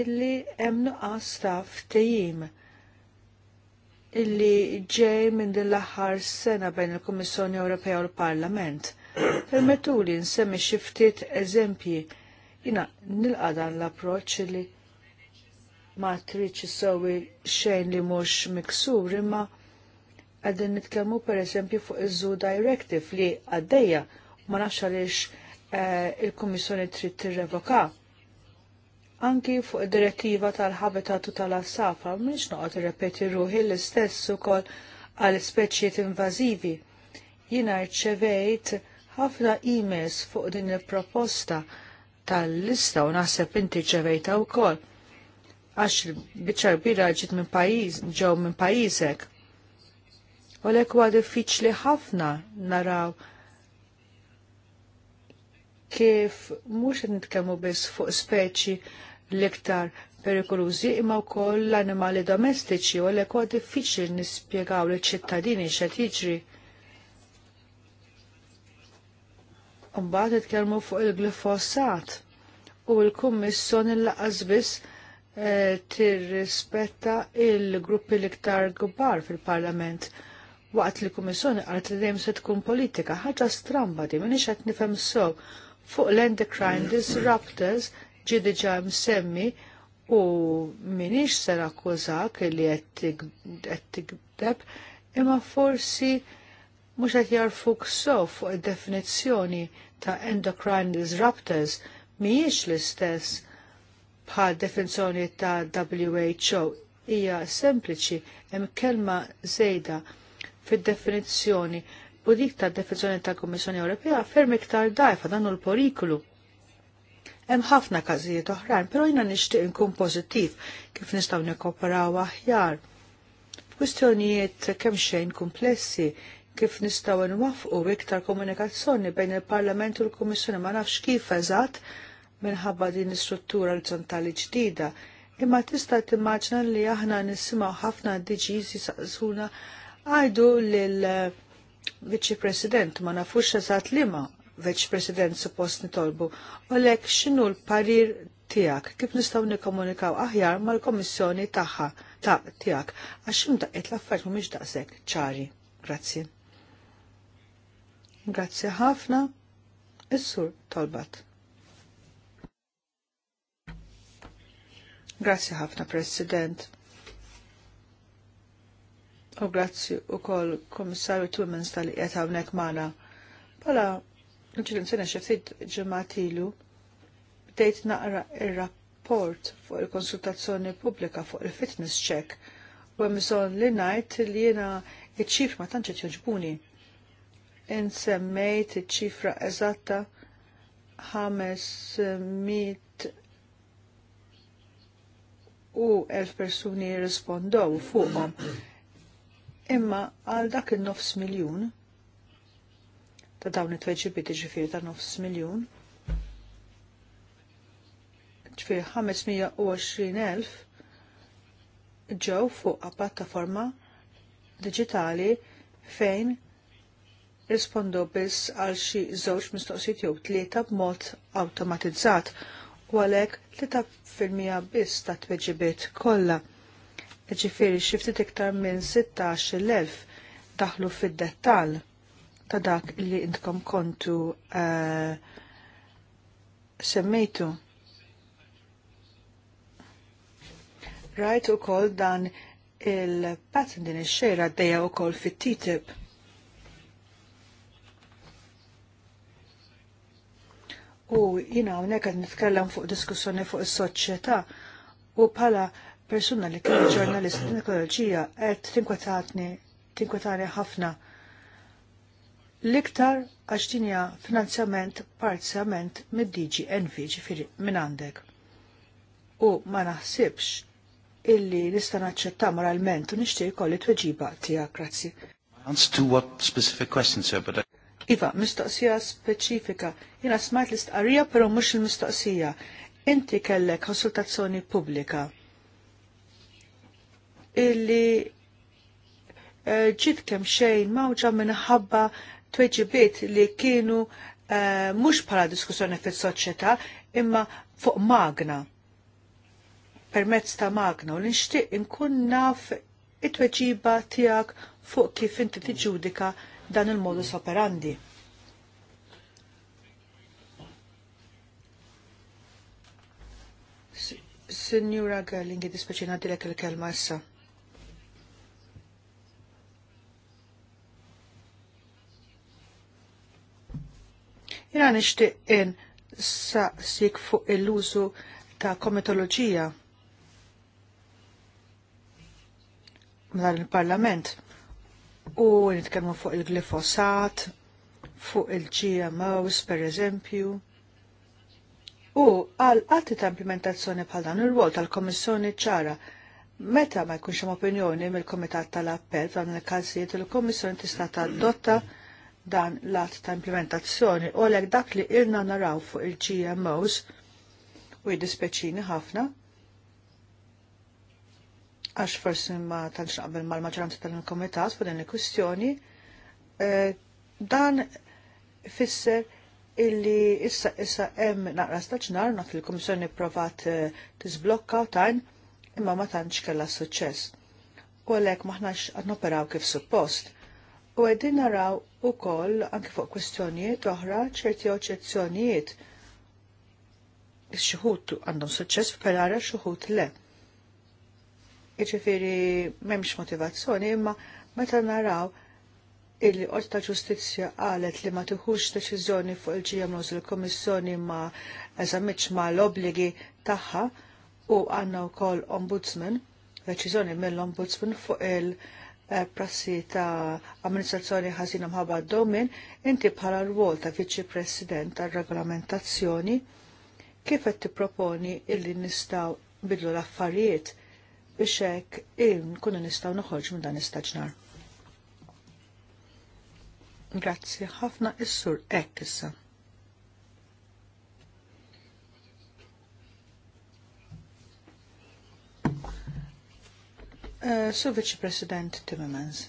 illi hemm nuqqas tejjim illi ġej minn din l-aħħar sena bejn il-Kummissjoni Ewropea u l-Parlament. Permettuli nsemmi xi ftit eżempji jina nilqa dan l-approċċ li ma tridx issowi xejn li mhux miksur imma qegħdin nitkellmu pereżempju fuq iż-Zoo Directive li għaddejja ma nafx għaliex eh, il-Kummissjoni trid tirrevoka Anki fuq direttiva tal-habitat u tal-assafa, mniex noqgħod irrepeti ruħi l-istess ukoll għal speċiet invażivi. Jiena rċevejt ħafna emails fuq din il-proposta tal-lista u naħseb inti ġevejta wkoll. Għax biċar bira ġit minn pajiz, ġew minn pajizek. U lek huwa diffiċli ħafna naraw kif mhux nitkellmu biss fuq speċi l-iktar perikolużi imma wkoll l-animali domestiċi u għalhekk huwa diffiċli nispjegaw liċ ċittadini x'qed jiġri. Mbagħad itkellmu fuq il-glifosat u l-kummissjoni laqas biss eh, tirrispetta il-gruppi l-iktar kbar fil-Parlament waqt li kummissjoni għart li dejjem se tkun politika ħaġa stramba di minix qed nifhem sew fuq l-endocrine disruptors ġi diġà msemmi u minix ser akkużak li qed tikdeb imma forsi mhux qed jarfuk so fuq id-definizzjoni ta' endocrine disruptors mhijiex l-istess bħal definizjoni ta' WHO hija sempliċi hemm kelma żejda fid-definizzjoni u dik ta' definizzjoni ta' Kommissjoni Ewropea ferm iktar dajfa dan l-porikulu. Hemm ħafna każijiet oħrajn, però jiena nixtieq inkun pożittiv kif nistgħu nikkoperaw aħjar. Kwistjonijiet kemm xejn komplessi kif nistgħu nwaffqu iktar komunikazzjoni bejn il-Parlament u l-Kummissjoni ma nafx kif eżatt minħabba din is-struttura orizzontali ġdida imma tista' timmaġna li aħna nisimgħu ħafna diġiżi saqsuna għajdu lil viċi president ma nafux eżatt liema veċ president suppost nitolbu. Olek, xinu l-parir tijak? Kif nistaw nikomunikaw aħjar mal-komissjoni taħħa ta' tijak? Għaxim daqqet l-affarijiet mhumiex daqshekk ċari. Grazzi. Grazzi ħafna. Is-sur tolbat. Grazzi ħafna, President. U grazzi u kol komissarju Twimens tal-qiet hawnhekk magħna. Pala sena xeftit ġematilu bdejt naqra il-rapport fuq il-konsultazzjoni pubblika fuq il-fitness check u għemżon li najt li jena iċ-ċifra ma tanċet joġbuni. Insemmejt iċ-ċifra eżatta 500 u 1000 persuni rispondow fuqhom. Imma għal dak il-nofs miljun ta' dawn it-tweġibiet ġifiri ta' nofs miljun. Ġifiri 520.000 ġew fuq plattaforma digitali fejn rispondu biss għal xi żewġ mistoqsijiet jew tlieta b'mod awtomatizzat u għalhekk tlieta fil-mija biss ta' tweġibiet kollha. Ġifieri xi ftit iktar minn 16,000 daħlu fid-dettall ta' dak li intkom kontu uh, semmejtu. Rajt u kol dan il patent din il-xejra d-deja u kol fit titib U jina għonek għad nitkellem fuq diskussjoni fuq is-soċjetà u bħala persuna li kien ġurnalist din ekoloġija qed tinkwetani ħafna l-iktar għax tinja finanzjament parzjament mid-DG Envi ġifiri minn għandek. U ma naħsibx illi nista' naċċetta moralment u nixtieq kolli tweġiba tiegħek grazzi. Iva, mistoqsija speċifika. Jina smajt l-istqarrija, pero mux il-mistoqsija. Inti kellek konsultazzjoni pubblika illi eh, ġit xejn mawġa minħabba tweġibiet li kienu uh, mhux bħala diskussjoni fis-soċjetà imma fuq magna permezz ta' magna u nixtieq inkun naf it-tweġiba tiegħek fuq kif inti tiġġudika dan il-modus operandi. Signora Gerling, dispeċina dilek il-kelma issa. Jena nishtiq in saqsik fuq il-użu ta' komitoloġija mlar il-parlament u nitkellmu fuq il-glifosat, fuq il-GMOs per eżempju. U għal għatti ta' implementazzjoni bħal dan ir wol tal-Komissjoni ċara meta ma jkunx hemm opinjoni mill-Kumitat tal-Appell f'dan il-każijiet il-Komissjoni tista' tadotta ta dan l-att ta' implementazzjoni u għalhekk dak li irna naraw fuq il-GMOs u jiddispeċini ħafna għax forsi ma tantx naqbel mal maġranza tal-komitat fuq din il-kwistjoni, eh, dan fisser illi issa issa hemm naqra staġnar naf il-Kummissjoni provat eh, tiżblokka tajn imma ma tantx kellha suċċess. U għalhekk maħnax qed noperaw kif suppost U għedin naraw u koll anki fuq kwistjonijiet oħra ċerti oċezzjonijiet xuħut għandhom suċċess f'pelara xuħut le. Iġifiri memx motivazzjoni imma meta naraw il qorta ta' Ġustizzja qalet li ma tiħux deċiżjoni fuq il-GMOs il komissjoni ma eżamitx ma l-obligi tagħha u għandna wkoll ombudsman, deċiżjoni mill-ombudsman fuq il- -ombudsman, Eh, prassi ta' amministrazzjoni ħażina mħabba domin, inti bħala l-wol ta' viċi president ta' regolamentazzjoni kif qed tipproponi illi nistgħu bidlu l-affarijiet biex hekk nkunu nistgħu noħorġ minn dan istaġnar. Grazzi ħafna is-sur hekk issa. Uh, so Vice President Timmermans.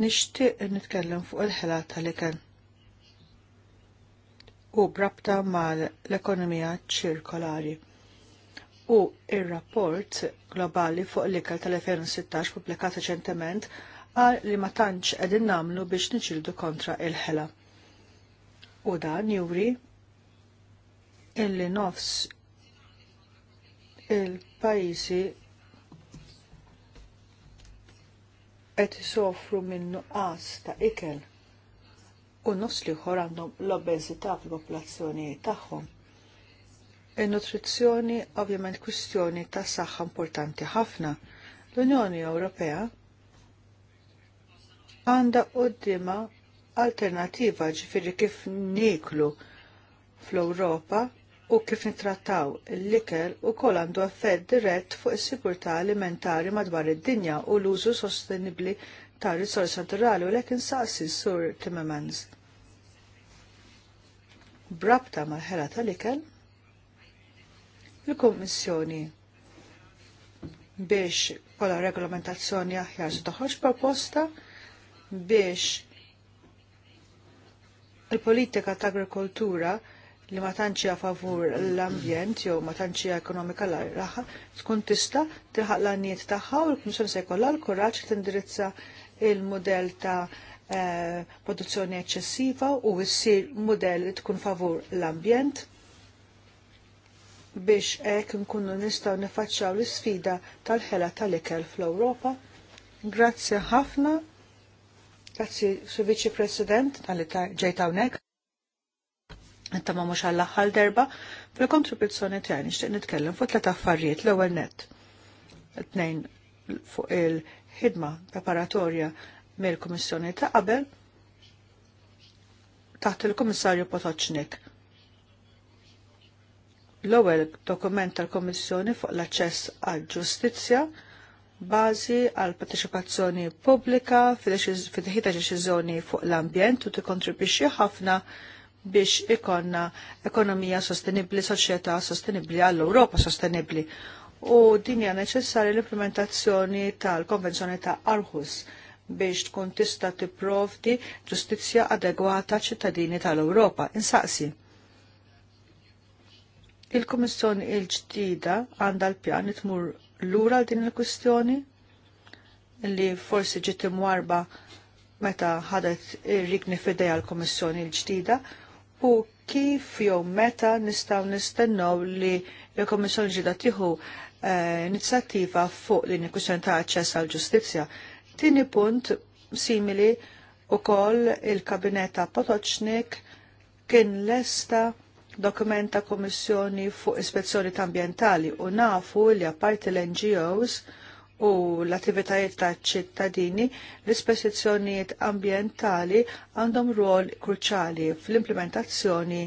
Nishtiq nitkellem fuq il-ħela tal-ikel u brabta mal l-ekonomija ċirkolari u il-rapport globali fuq l-ikel tal-2016 publikat reċentement għal li ma tantx qegħdin namlu biex niġildu kontra il-ħela. U dan juri illi nofs il-pajjiżi qed isofru minnu qas ta' ikel u nofs li għandhom l-obeżità fil-popolazzjoni tagħhom. Il-nutrizzjoni ovvjament kwistjoni ta' saħħa importanti ħafna. L-Unjoni Ewropea għandha qoddima alternativa ġifiri kif niklu fl-Ewropa u kif nitrattaw l-ikel u kol għandu effett dirett fuq is-sigurtà alimentari madwar id-dinja u l-użu sostenibbli ta' risorsi naturali u lekin saqsi sur Timmermans. Brabta mal-ħela tal-ikel, il kommissjoni biex kolla regolamentazzjoni aħjar se toħroġ proposta biex il-politika ta' agrikoltura li ma tantxija favur l-ambjent jew ma tanċi ekonomika l raħa tkun tista' tilħaq l-għaniet tagħha u l-Kummissjoni se jkollha l-kuraġġ tindirizza il modell ta' eh, produzzjoni eċċessiva u ssir mudell li tkun favur l-ambjent biex hekk nkunu nistgħu nifaċċaw l-isfida tal-ħela tal-ikel fl-Ewropa. Grazzi ħafna. Grazzi Su Viċi President tal ġejt hawnhekk. Inta ma mhux għall-aħħar derba fil-kontribuzzjoni tiegħi nixtieq nitkellem fuq tlet affarijiet l-ewwel nett. Tnejn fuq il-ħidma preparatorja mill-Kummissjoni ta' qabel taħt il-Kummissarju Potoċnik. L-ewwel dokument tal komissjoni fuq l-aċċess għall-ġustizzja bazi għal partecipazzjoni pubblika fil-ħita deċiżjoni fuq l-ambjent u tikkontribwixxi ħafna biex ikonna ekonomija sostenibli, soċjetà sostenibli għall-Ewropa sostenibli. U din hija neċessarja l-implementazzjoni tal-Konvenzjoni ta' Arhus biex tkun tista' tipprovdi ġustizzja adegwata ċittadini tal-Ewropa. Insaqsi. Il-Kummissjoni il-ġdida għandha l-pjan li tmur lura din il-kwistjoni li forsi ġiet imwarba meta ħadet ir-rikni fidej għall-Kummissjoni l-ġdida u kif jew meta nistgħu nistennew li l komissjoni ġida tieħu eh, inizjattiva fuq li il-kwistjoni ta' aċċess għall ġustizzja. Tieni punt simili wkoll il-kabinet ta' Potoċnik kien lesta dokumenta l-Kummissjoni fuq ispezzjoni ambjentali u nafu li apparti l-NGOs u l-attivitajiet ta' ċittadini, l-ispesizzjonijiet ambientali għandhom rol kruċali fl-implementazzjoni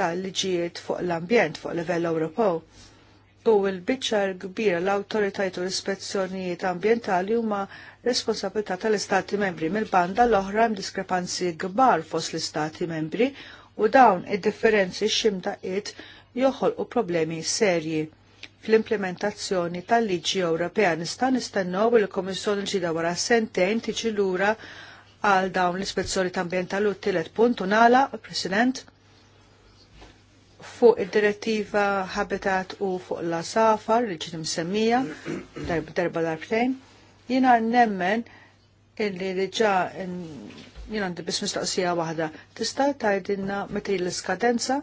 tal-liġijiet fuq l-ambjent fuq livell Ewropew u l-biċċar kbira l autoritajiet u l-ispezzjonijiet ambientali huma responsabilità tal-Istati membri. Mill-banda l-oħra hemm diskrepanzi kbar fost l-Istati membri u dawn id-differenzi ximta joħolqu problemi serji fl-implementazzjoni tal-liġi Ewropea. Nista' nistennew il kummissjoni ġida wara sentejn tiġi lura għal dawn l-ispezzjoni ta' ambjentali u t-tielet punt u nala, President, fuq id-direttiva Habitat u fuq la safar li ġiet msemmija darba darbtejn. Jiena nemmen illi li jien għandi biss mistoqsija waħda. Tista' tgħidilna meta l-iskadenza?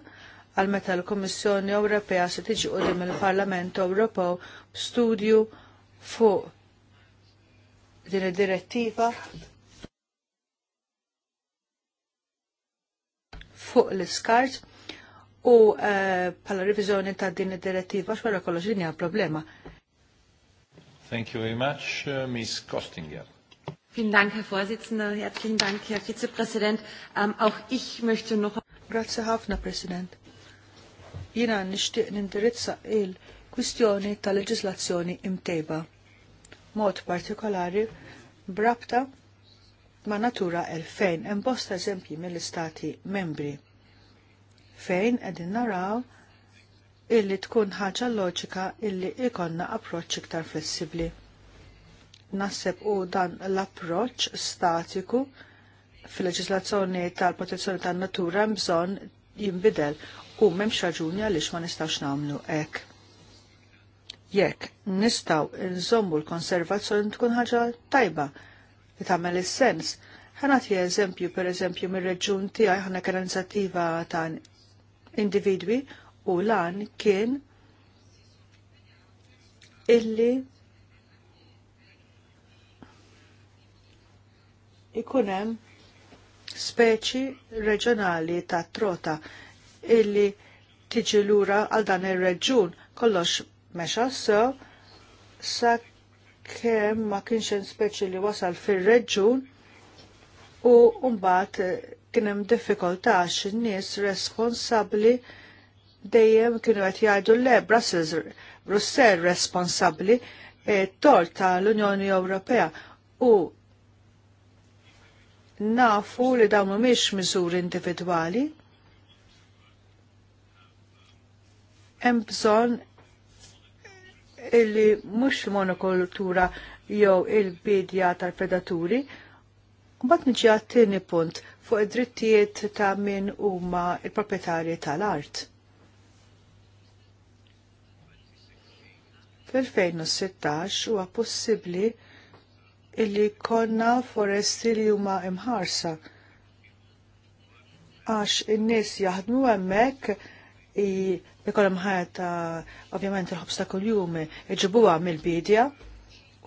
għal meta l-Kummissjoni Ewropea se tiġi qudiem il-Parlament Ewropew b'studju fuq din id-direttiva fuq l-iskart u eh, bħala uh, riviżjoni ta' din id-direttiva xwara kollox din hija problema. Thank you very much, uh, Ms. Kostinger. Vielen Dank, Herr Vorsitzender. Herzlichen Dank, Herr Vizepräsident. Ähm, auch ich möchte noch... Grazie, Herr Präsident jina nishtiq nindirizza il-kwistjoni tal-leġislazzjoni imtejba. Mod partikolari brabta ma' natura 2000 imbosta eżempji mill-istati membri. Fejn edin naraw illi tkun ħaġa loġika illi ikonna approċċ iktar flessibli nasseb u dan l-approċ statiku fil-leġislazzjoni tal-protezzjoni tan-natura bżonn jinbidel u memx raġuni għaliex ma nistax namlu ek. Jekk nistaw nżommu l-konservazzjoni tkun ħaġa tajba li tagħmel is-sens. Ħanati eżempju per eżempju mir-reġun tiegħi ħana inizjattiva ta' individwi u lan kien illi ikunem speċi reġjonali ta' trota illi tiġi lura għal dan ir-reġun. Kollox mexa so sa kemm ma kienx hemm speċi li wasal fir-reġun u mbagħad eh, kien hemm diffikultà għax in-nies responsabbli dejjem kienu qed jgħidu le Brussels Brussell responsabbli e, tort tal-Unjoni Ewropea u nafu li dawn mhumiex miżuri individwali hemm bżonn illi mhux monokultura jew il-bidja tal-predaturi. Mbagħad niġi għat-tieni punt fuq id-drittijiet ta' min huma il-proprjetarji tal-art. Fil-2016 huwa possibbli illi konna foresti li huma imħarsa għax in-nies jaħdmu hemmhekk ikollhom ħajja ovvjament il-ħobs ta' kuljum iġibuha mill-bidja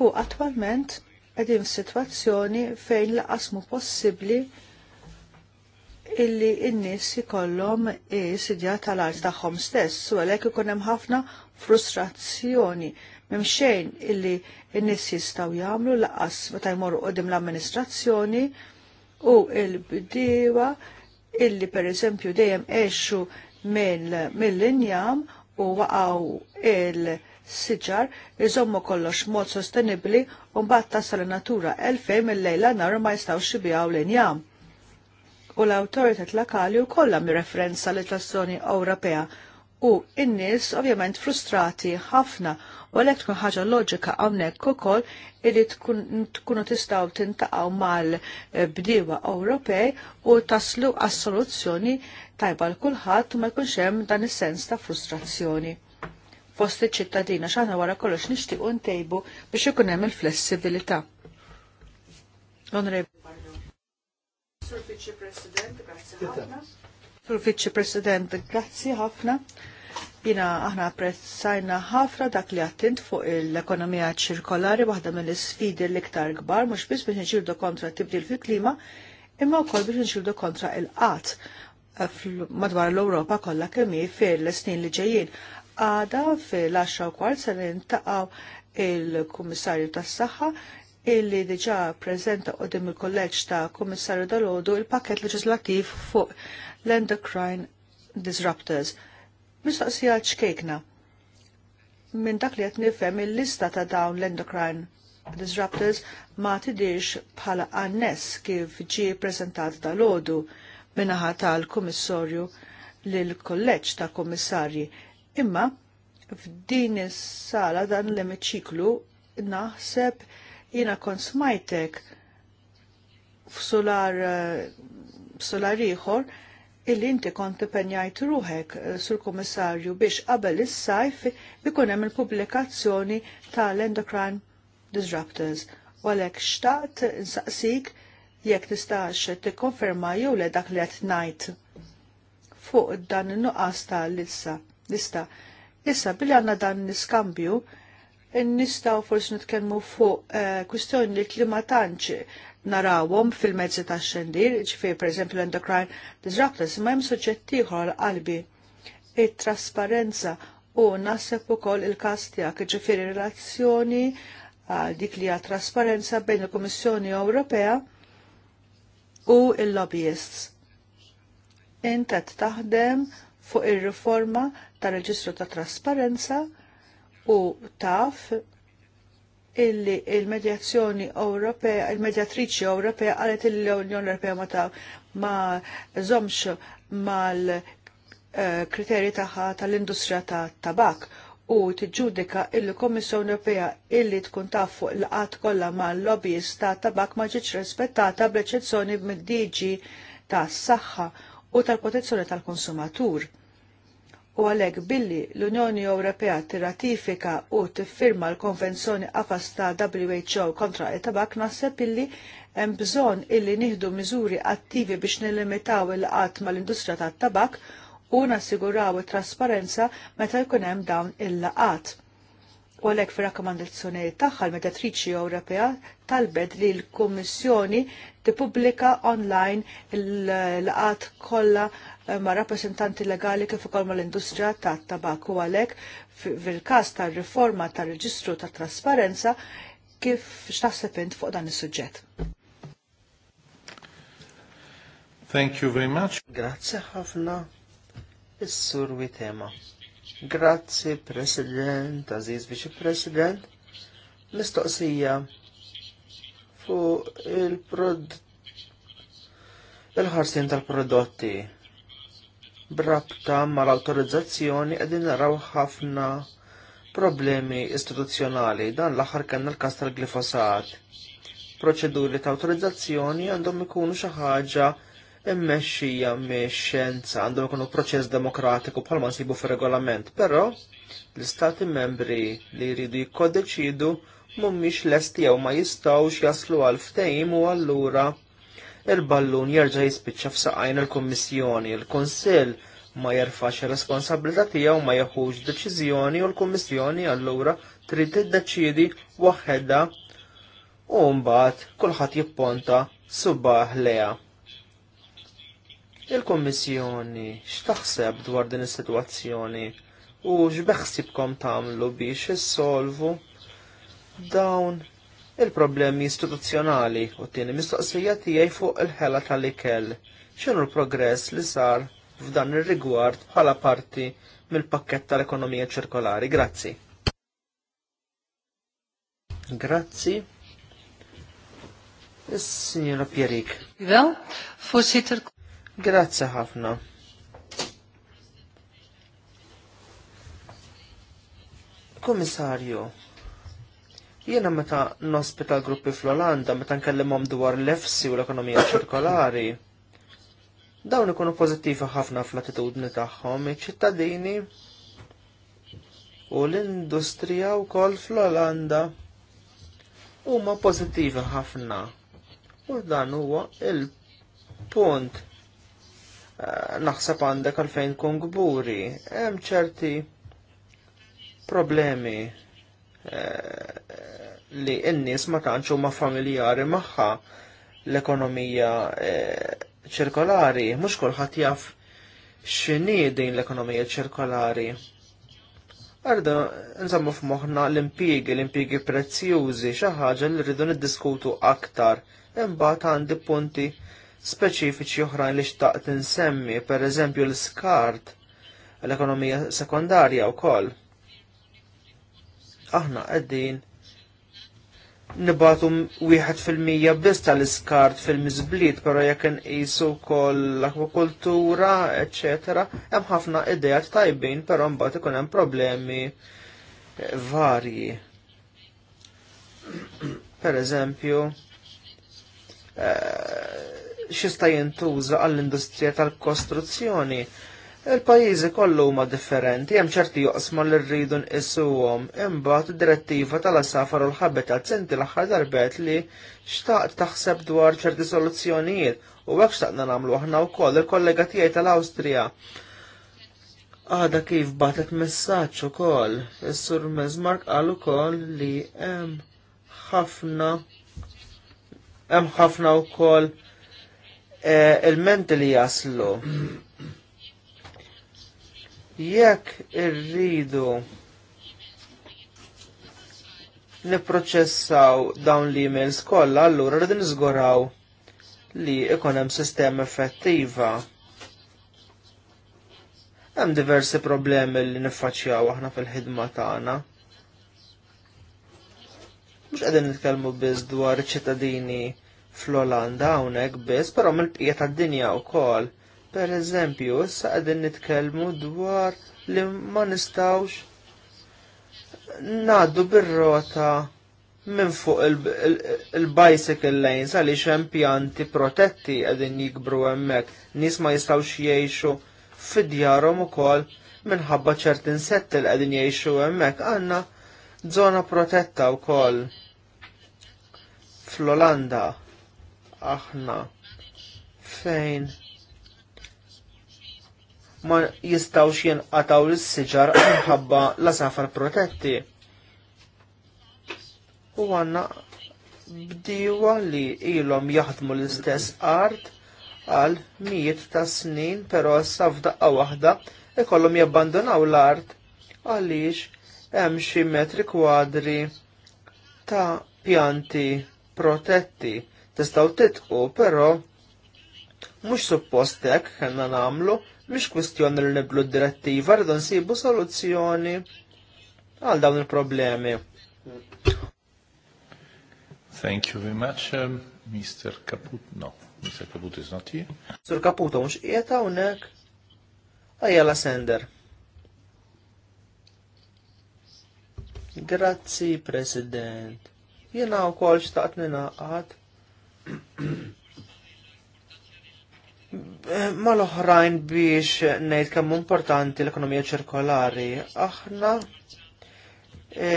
u attwalment qegħdin f'sitwazzjoni fejn laqas qasmu possibbli illi n-nis i sidja tal-art tagħhom stess, u għalhekk ikun hemm ħafna frustrazzjoni minn xejn illi n-nis jistgħu jagħmlu laqas meta jmorru qudiem l-amministrazzjoni u l-bdiewa illi pereżempju dejjem għexu mill-injam u waqgħu il-siġar iżommu kollox mod sostenibbli u mbagħad tasal natura elfejn mill-lejla nar ma jistgħux jibgħu l-injam. U l-awtoritet lokali wkoll hemm referenza l-itrazzjoni Ewropea u in-nies ovvjament frustrati ħafna u għalhekk tkun ħaġa loġika hawnhekk ukoll illi tkunu tistgħu tintaqgħu mal-bdiewa Ewropej u taslu għas-soluzzjoni tajba l kulħadd u ma jkunx hemm dan is-sens ta' frustrazzjoni. Fost iċ-ċittadina x'aħna wara kollox nixtiequ ntejbu biex ikun hemm il-flessibilità. Onorevoli Sur Viċi President, grazzi ħafna. Sur President, grazzi ħafna. Jina aħna apprezzajna ħafna dak li għattint fuq l-ekonomija ċirkolari waħda mill-sfidi l-iktar kbar, mux biss biex nġildu kontra tibdil fil-klima, imma u kol biex nġildu kontra il-qat madwar l-Ewropa kollha kemm fil-snin li ġejjin. Għada fil-10 u kwart se nintaqgħu il-Kummissarju tas-Saħħa illi diġà preżenta qudiem il-kolleġġ ta' Kummissarju dal-Odu il-pakket leġislattiv fuq l-endocrine disruptors. Mistoqsija ċkejkna. Minn dak li qed nifhem il-lista ta' dawn l-endocrine disruptors ma tidirx bħala annes kif ġie ppreżentat dal odu minnaħa tal-Kumissorju lill-Kolleġġ ta' Kummissarji. Imma f'din is-sala dan l-emiċiklu naħseb jiena kont smajtek f'solar eh, solar ieħor illi inti kont penjajt ruħek eh, sur kummissarju biex qabel is-sajf ikun hemm il-pubblikazzjoni tal-Endocrine Disruptors. Walek xtaqt insaqsik jekk tistax tikkonferma jew le dak li qed ngħid fuq dan in-nuqqas ta' lissa lista. Issa billi għandna dan l-iskambju nistgħu forsi nitkellmu fuq eh, kwistjoni li klima tantx narawhom fil-mezzi tax-xandir, ġifier pereżempju l-endocrine disruptors, ma hemm suġġett ieħor qalbi it-trasparenza u naħseb ukoll il-każ tiegħek ġifieri relazzjoni għal dik li għat trasparenza bejn il-Kummissjoni Ewropea u il-lobbyists. Intet taħdem fuq ir-riforma tar-reġistru ta' trasparenza u taf illi il-medjazzjoni Ewropea, il-medjatriċi Ewropea għalet l-Unjoni Ewropea ma ta' ma zomx mal eh, kriterji taħħa tal-industrija ta' tabak u tiġġudika il-Komissjoni Ewropea illi tkun taf fuq l-qatt kollha mal-lobbies ta' tabak ma ġietx rispettata bl-eċezzjoni mid-DG tas saħħa u tal-protezzjoni tal-konsumatur. U għalhekk billi l-Unjoni Ewropea tirratifika u tiffirma l-Konvenzjoni qafas ta' WHO kontra it-tabak naħseb illi hemm bżonn illi nieħdu miżuri attivi biex nilimitaw il-qatt mal-industrija tat-tabak u nassiguraw it-trasparenza meta jkun hemm dawn il-laqat. U għalhekk fir-rakkomandazzjoni tagħha l-Mediatriċi Ewropea talbed li l-Kummissjoni tippubblika online il-laqat kollha eh, ma' rappresentanti legali kif ukoll mal-industrija tat-tabak u għalhekk fil-każ tar-riforma tar-reġistru tat-trasparenza kif x'taħseb int fuq dan is-suġġett. Thank you very much. Grazie ħafna. Is-sur Witema. Grazzi, President, Aziz Viċi President. Mistoqsija fuq il-prod il-ħarsin tal-prodotti. Brabta mal autorizzazzjoni qegħdin naraw ħafna problemi istituzzjonali dan l-aħħar kellna l-kas tal-glifosat. Proċeduri ta' autorizzazzjoni għandhom ikunu xi ħaġa immexxija miex xjenza għandhom ikunu proċess demokratiku bħalma nsibu fir-regolament, però l-istati membri li jridu jikkodeċidu mhumiex lesti jew ma jistgħux jaslu għal ftehim u allura il-ballun jerġa' jispiċċa f'saqajn il-Kummissjoni, il-Kunsill ma jerfax ir-responsabilità tiegħu ma jeħux deċiżjoni u l-Kummissjoni allura trid tiddeċiedi waħedha u mbagħad kulħadd jipponta subaħ leha. Il-Kommissjoni x'taħseb dwar din is-sitwazzjoni u x'beħsibkom tagħmlu biex issolvu dawn il-problemi istituzzjonali u t-tieni mistoqsija tiegħi fuq il-ħela tal-ikel. X'inhu l-progress li sar f'dan ir-rigward bħala parti mill-pakkett tal-ekonomija ċirkolari. Grazzi. Grazzi. Is-Sinjora Pierik. Wel, voorzitter. Grazzi ħafna. Komissarju, jiena meta nospita gruppi fl-Olanda, meta nkellimhom dwar l-efsi u l-ekonomija ċirkolari, dawn ikunu pożittivi ħafna fl-attitudni tagħhom iċ-ċittadini u l-industrija wkoll fl-Olanda huma pożittivi ħafna. U dan huwa il-punt Eh, naħseb għandek għalfejn kun gburi. Hemm ċerti problemi eh, li n-nies ma tantx huma familjari magħha l-ekonomija eh, ċirkolari, mhux kulħadd jaf x'inhi din l-ekonomija ċirkolari. Arda, nżammu f'moħħna l-impigi, l-impigi prezzjużi, xi ħaġa li rridu niddiskutu aktar. Imbagħad għandi punti speċifiċi oħrajn li xtaqt insemmi, per eżempju l-skart, l-ekonomija sekondarja u koll. Aħna għeddin nibatum wieħed fil-mija biss tal-iskart fil-miżbliet, però jekk inqisu wkoll l-akwakultura, eċetera, hemm ħafna idejat tajbin, però mbagħad ikun hemm problemi varji. Per eżempju, eh, xista jintuża għall-industrija tal-kostruzzjoni. Il-pajjiżi kollu huma differenti, hemm ċerti joqsma li rridu nqisuhom, imbagħad id-direttiva tal-asafar u l-habitat senti l-aħħar darbet li xtaqt taħseb dwar ċerti soluzzjonijiet u hekk xtaqna nagħmlu aħna wkoll il-kollega tiegħi tal awstrija Għada kif batet messaċ u is il-sur mezmark għal ukoll li em ħafna, em ħafna u Eh, Il-menti li jaslu. Jekk irridu niproċessaw dawn l-emails kollha, allura rridu nizguraw li ikun hemm sistema effettiva. Hemm diversi problemi li niffaċċjaw aħna fil-ħidma tagħna. Mhux qegħdin nitkellmu biss dwar iċ-ċittadini fl-Olanda hawnhekk biss, però mill-bqija tad-dinja wkoll. Per eżempju, issa qegħdin nitkellmu dwar li ma nistawx ngħaddu bir-rota minn fuq il-bicycle lanes għaliex hemm pjanti protetti qegħdin jikbru hemmhekk. Nies ma jistgħux jgħixu fid-djarhom ukoll minħabba ċert insetti li qegħdin jgħixu hemmhekk għandna żona protetta wkoll fl-Olanda aħna fejn ma jistawx jenqataw l-siġar minħabba la safar protetti. U għanna bdiwa li ilhom jaħdmu l-istess art għal miet ta' snin pero għaw f'daqqa waħda ikollhom jabbandonaw l-art għaliex hemm xi metri kwadri ta' pjanti protetti tistaw titqu, però mhux suppost hekk kellna nagħmlu, mhix kwistjoni li niblu d-direttiva rridu nsibu soluzzjoni għal dawn il-problemi. Thank you very much, um, Mr. Caput. No, Mr. Caput is not here. Sur Caputo mhux qiegħed hawnhekk. Ajala la sender. Grazzi, President. Jena u kol xtaqt għad. mal-oħrajn biex ngħid kemm importanti l-ekonomija ċirkolari. Aħna e,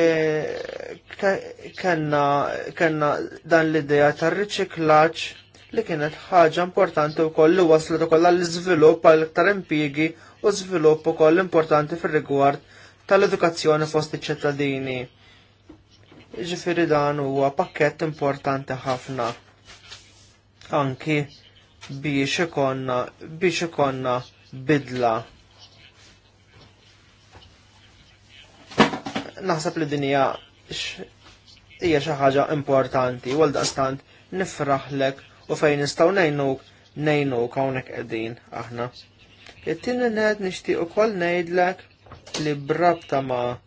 kellna dan l-idea tar-riċiklaġġ li kienet ħaġa importanti wkoll li waslet ukoll għall-iżvilupp għal iktar impjiegi u żvilupp ukoll importanti fir-rigward tal-edukazzjoni fost iċ-ċittadini. Ġifieri dan huwa pakkett importanti ħafna anki biex ikonna biex ikonna bidla. Naħseb li dinija hija xi ħaġa importanti, u għaldaqstant nifraħlek u fejn nistgħu ngħinuk ngħinuk hawnhekk qegħdin aħna. It-tieni ngħid nixtieq ukoll ngħidlek li brabta ma'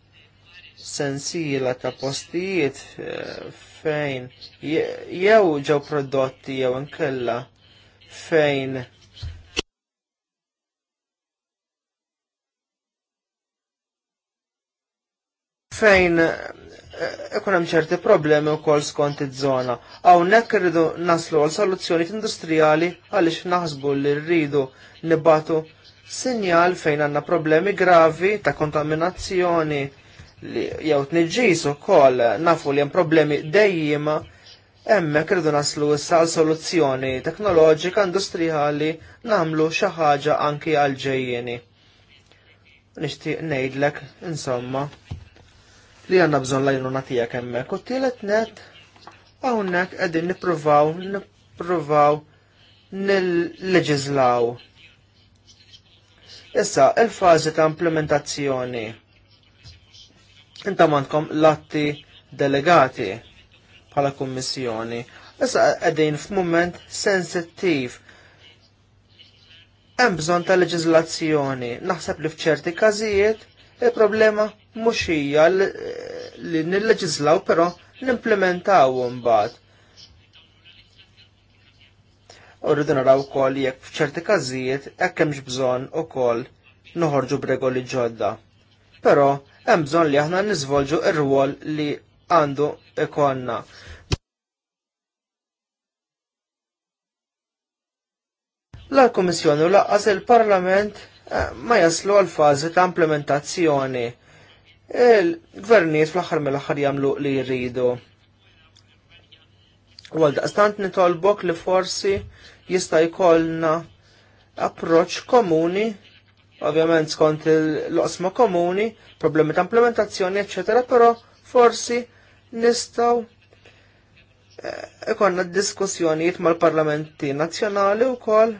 sensiela ta' postijiet eh, fejn jew ġew prodotti jew inkella fejn fejn eh, ikun hemm ċerti problemi wkoll skont iż-żona. Hawnhekk irridu naslu għal soluzzjoni industrijali għaliex naħsbu li rridu nibatu sinjal fejn għandna problemi gravi ta' kontaminazzjoni jew tniġġis ukoll nafu li hemm problemi dejjem hemmhekk irdu naslu issa għal soluzzjoni teknoloġika industrijali nagħmlu xi ħaġa anki għal ġejjieni. Nixtieq ngħidlek insomma li għandna bżonn l-għajnuna tiegħek hemmhekk u tielet net hawnhekk qegħdin nippruvaw nippruvaw nil-leġizlaw. Issa, il-fazi ta' implementazzjoni Inta mandkom l-atti delegati bħala kummissjoni. Issa qegħdin f'mument sensittiv. Hemm bżonn ta' leġiżlazzjoni. Naħseb li f'ċerti każijiet il-problema mhux hija li nilleġislaw però nimplementaw mbagħad. U rridu naraw ukoll jekk f'ċerti każijiet hekk hemmx bżonn ukoll noħorġu b'regoli ġodda. Però hemm bżonn li aħna niżvolġu r-rwol li għandu ikonna. La l-Komissjoni u laqqas il-Parlament eh, ma jaslu għal fażi ta' implementazzjoni. Il-gvernijiet fl-aħħar mill-aħħar jagħmlu li jridu. U daqstant nitolbok li forsi jista' jkollna approċċ komuni ovvjament skont il-loqsma komuni, problemi ta' implementazzjoni, eccetera, però forsi nistaw eh, ikonna e diskussjonijiet mal-parlamenti nazzjonali u kol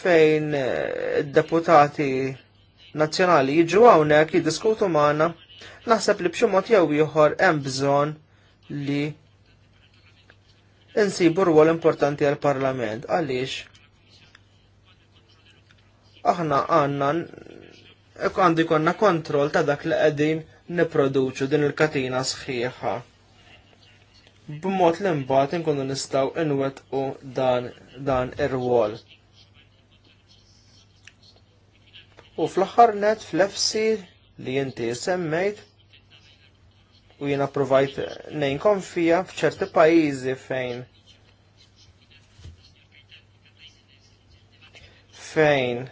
fejn eh, deputati nazzjonali jiġu hawnhekk jiddiskutu maħna naħseb li bċumot jew ieħor hemm bżonn li insibu rwol importanti għal-Parlament. Għaliex? aħna għanna għandu konna kontroll ta' dak li qegħdin niproduċu din il-katina sħiħa. B'mod li mbagħad inkunu nistgħu inwettqu dan dan ir-rwol. U fl-aħħar net fl-efsi li inti semmejt u jiena provajt nejn konfija f'ċerti pajjiżi fejn fejn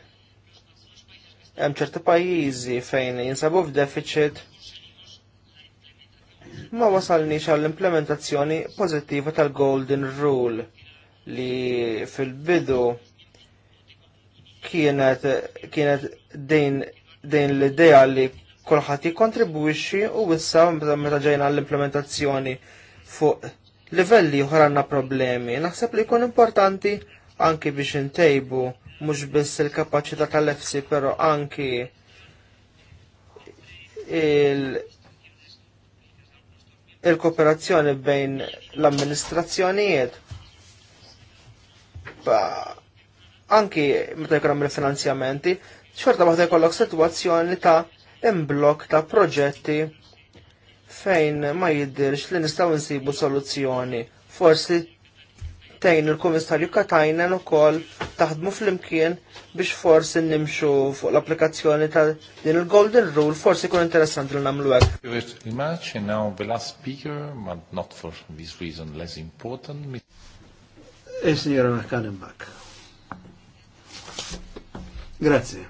Hemm ċerti pajjiżi fejn jinsabu f'deficit ma wasalniex għall-implementazzjoni pożittiva tal-Golden Rule li fil-bidu kienet kienet din din l-idea li kulħadd jikkontribwixxi u issa meta ġejna l-implementazzjoni fuq livelli oħra għandna problemi. Naħseb li jkun importanti anki biex intejbu mhux biss il-kapaċità tal-EFSI, però anki il- il-kooperazzjoni bejn l-amministrazzjonijiet. Anki meta jkun hemm finanzjamenti xorta waħda jkollok sitwazzjoni ta' imblok ta' proġetti fejn ma jiddirx li nistgħu nsibu soluzzjoni. Forsi tejn il-Komissarju Katajnen u kol taħdmu fl-imkien biex forsi nimxu fuq l-applikazzjoni ta' din il-Golden Rule, forsi kun interessanti li namlu għek. speaker, but not for this reason less important. Il-Signora eh, Mekkanenbach. Grazie.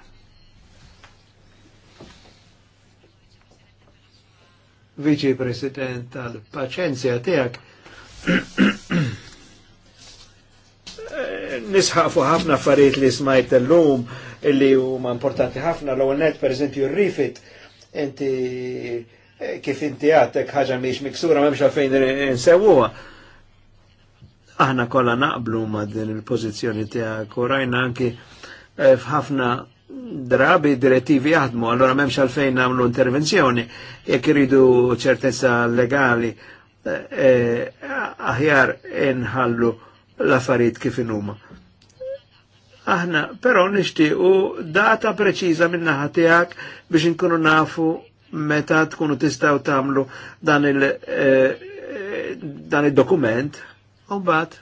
Vice President tal-Pacenzja tijak nisħafu ħafna affarijiet li smajt l-lum illi huma importanti ħafna l net per eżempju rifit inti eh, kif inti għatek ħaġa miex miksura memx għalfejn nsewuha. Aħna kollha naqblu ma' din il-pożizzjoni tiegħek u rajna anki eh, f'ħafna drabi direttivi jaħdmu, allora memx għalfejn għamlu intervenzjoni jekk iridu ċertezza legali eh, aħjar inħallu l-affarijiet kif inhuma. Aħna però nixtiequ data preċiża minn naħa tiegħek biex inkunu nafu meta tkunu tistgħu tagħmlu dan il eh, dan id dokument u mbagħad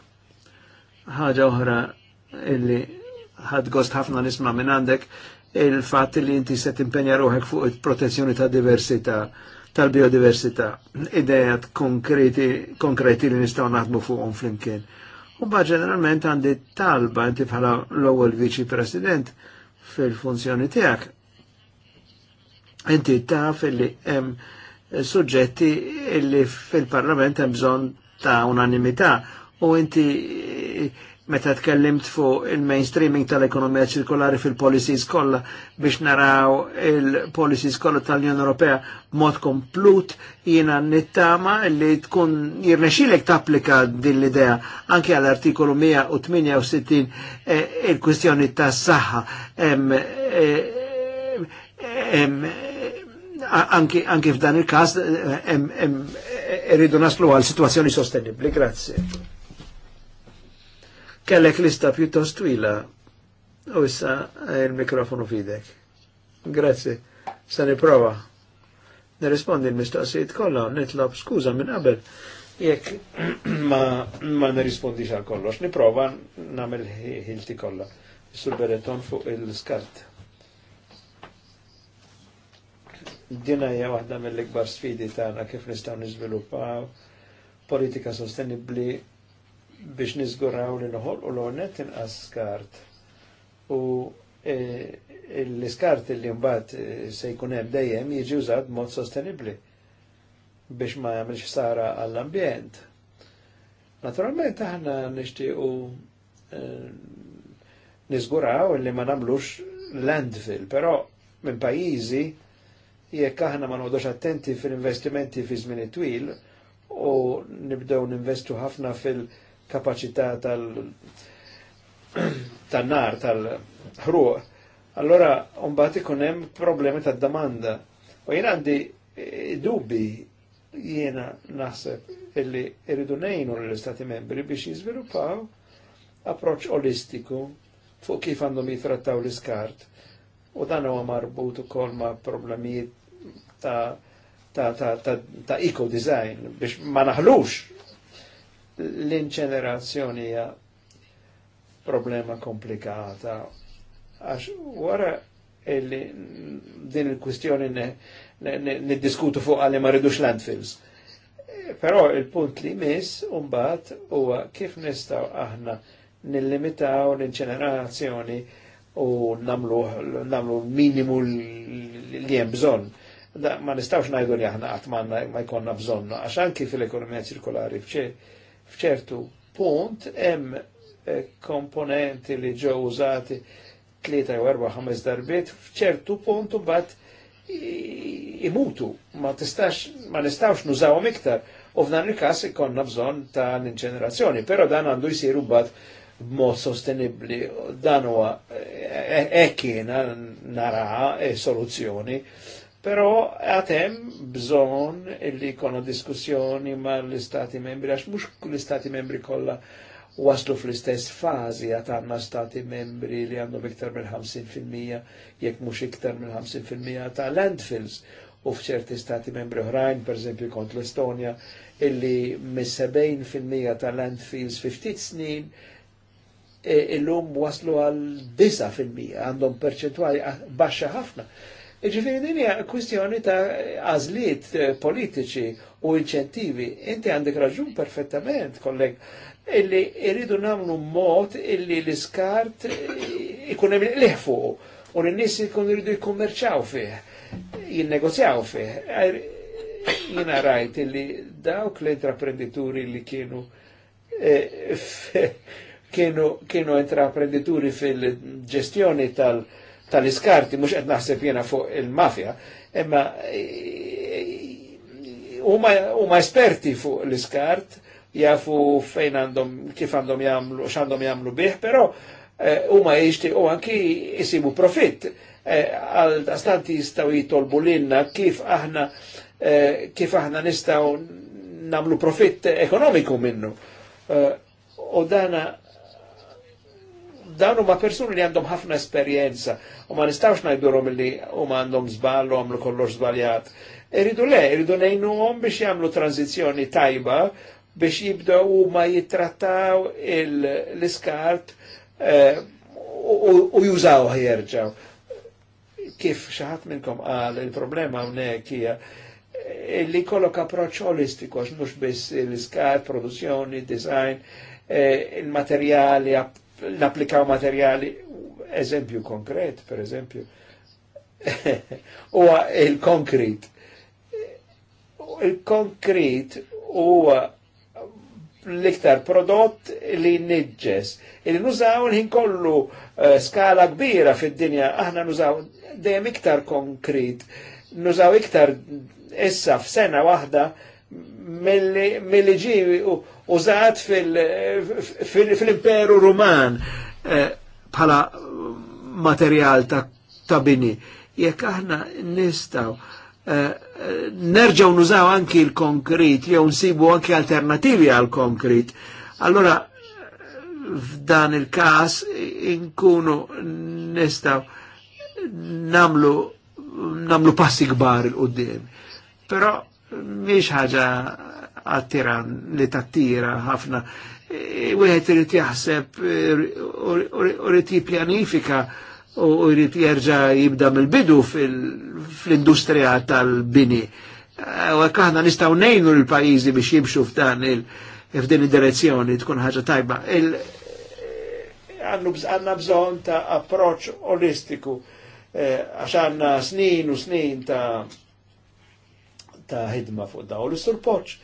ħaġa oħra illi ħad gost ħafna nisma' minn għandek il-fatt li inti se timpenja ruħek fuq il-protezzjoni ta' diversità tal-biodiversità. Idejat konkreti, konkreti li nistgħu naħdmu fuqhom flimkien. U ba ġeneralment għandi talba inti bħala l-ewwel viċi president fil-funzjoni tiegħek. Inti taf li hemm suġġetti li fil-Parlament hemm bżonn ta' unanimità u inti meta tkellimt fuq il-mainstreaming tal-ekonomija ċirkolari fil-policies kollha biex naraw il-policies kollha tal-Unjoni Ewropea mod komplut jiena nittama li tkun jirnexilek tapplika din l-idea anke għall artikolu 168 eh, il-kwistjoni tas-saħħa eh, eh, anke f'dan il-każ irridu naslu għal situazzjoni sostenibbli. Grazie. Kellek lista pjuttost twila u issa eh, il-mikrofonu fidek. Grazzi, sa niprova. Nirrispondi l-mistoqsijiet kollha, nitlob skuża minn qabel jekk ma, ma nirrispondix għal kollox. Niprova nagħmel ħilti kollha. Sur bereton fuq il-skart. Dina hija waħda mill-ikbar sfidi tagħna kif nistgħu niżviluppaw politika sostenibbli biex nizguraw li l-ħol u l-għonet inqas skart. U e, l-iskart li mbagħad e, se jkun hemm dejjem jiġi użat mod sostenibbli biex ma jagħmilx sara għall-ambjent. Naturalment aħna nixtiequ e, nizguraw li ma nagħmlux landfill, però minn pajjiżi jekk aħna ma nodux attenti fil-investimenti fi żmien twil u nibdew ninvestu ħafna fil-investimenti kapacità tal-nar, tal-ħruq, allora mbagħad ikun hemm problemi ta' domanda U jien għandi eh, dubbi jiena naħseb illi irridu nejnu l stati membri biex jiżviluppaw approċ olistiku fuq kif għandhom jitrattaw l-iskart u dan huwa marbut ukoll ma' problemijiet ta' ta' ta' ta' eco design biex ma naħlux l-inċenerazzjoni hija problema komplikata għax wara illi din il-kwistjoni niddiskutu fuq għalli ma rridux landfills. Però il-punt li miss umbat huwa kif nistaw aħna nillimitaw l-inċenerazzjoni u namlu, namlu minimu li hemm bżonn. Da, ma nistawx najdu li aħna għatmanna ma jkonna bżonnu, għax kif fil-ekonomija ċirkolari fċe fċertu punt hemm eh, komponenti li ġew użati tlieta jew erba' ħames darbiet f'ċertu punt mbagħad imutu ma tistax ma nistgħux nużawhom iktar u f'dan il-każ ikonna bżonn ta' l inġenerazzjoni però dan għandu jsir mbagħad b'mod sostenibbli dan huwa eh, eh, hekk jiena nara e soluzzjoni Pero għatem bżon illi kono diskussjoni ma l-istati membri, għax mux l-istati membri kolla waslu fl-istess fazi għat għanna stati membri li għandhom iktar minn 50% jekk mux iktar minn 50% ta' landfills u fċerti stati membri oħrajn, per eżempju kont l-Estonja, illi mis 70% ta' landfills fi ftit snin e, illum waslu għal 9% għandhom perċentwali baxxa ħafna. Ġifiri din hija kwistjoni ta' għażliet eh, politiċi u inċentivi. Inti għandek raġun perfettament, kolleg, illi irridu namlu mod illi l-iskart eh, ikun hemm liħfu u n-nies ikun irridu jikkummerċaw fih, jinnegozjaw fih. Jina rajt illi dawk l-intraprendituri li kienu eh, kienu kienu intraprendituri fil-ġestjoni tal- tal-iskarti, mux qed naħseb jena fuq il-mafja, imma huma esperti fuq l-iskart, jafu fejn għandhom, kif għandhom jamlu, xandhom jamlu bih, pero eh, huma uh, jixti u anki jisibu profit. Eh, għal uh, astanti jistaw jitolbu l-inna kif aħna uh, kif aħna nistaw namlu profit ekonomiku minnu. U dana dan huma persuni li għandhom ħafna esperjenza u ma nistawx ngħidulhom li huma għandhom żball u għamlu kollox żbaljat. Iridu le, iridu ngħinuhom biex jagħmlu tranzizzjoni tajba biex jibdew ma jittrattaw l-iskart eh, u jużaw jerġaw. Kif xaħat minnkom għal il-problema hawnhekk hija eh, li kollok approċċ holistiku għax mhux biss l-iskart, produzzjoni, design, eh, il-materjali, napplikaw materjali, eżempju konkret, per eżempju, huwa il konkret il konkret huwa l-iktar prodott li nidġes. Il nużaw ħin kollu eh, skala kbira fid-dinja, aħna nużaw dejjem iktar konkrit, nużaw iktar issa f'sena waħda mill-li ġi użat fil-imperu Ruman eh, bħala materjal ta' bini. Jekk aħna nistaw eh, nerġaw nużaw anki l-konkrit, jew nsibu anki alternativi għal-konkrit, allora f'dan il-kas inkunu nistaw namlu namlu passi gbar il-qoddim. Però miex ħaġa għattira li tattira ħafna. E, wieħed irid jaħseb e, u rid jippjanifika u rid jerġa' jibda mill-bidu fl-industrija tal-bini. E, u għek aħna nistgħu nejnu l-pajjiżi biex jimxu f'dan f'din id-direzzjoni tkun ħaġa tajba. Għanna bżon ta' approċċ olistiku għax għandna snin u snin ta' ta' ħidma fuq dawl L-istur poċ,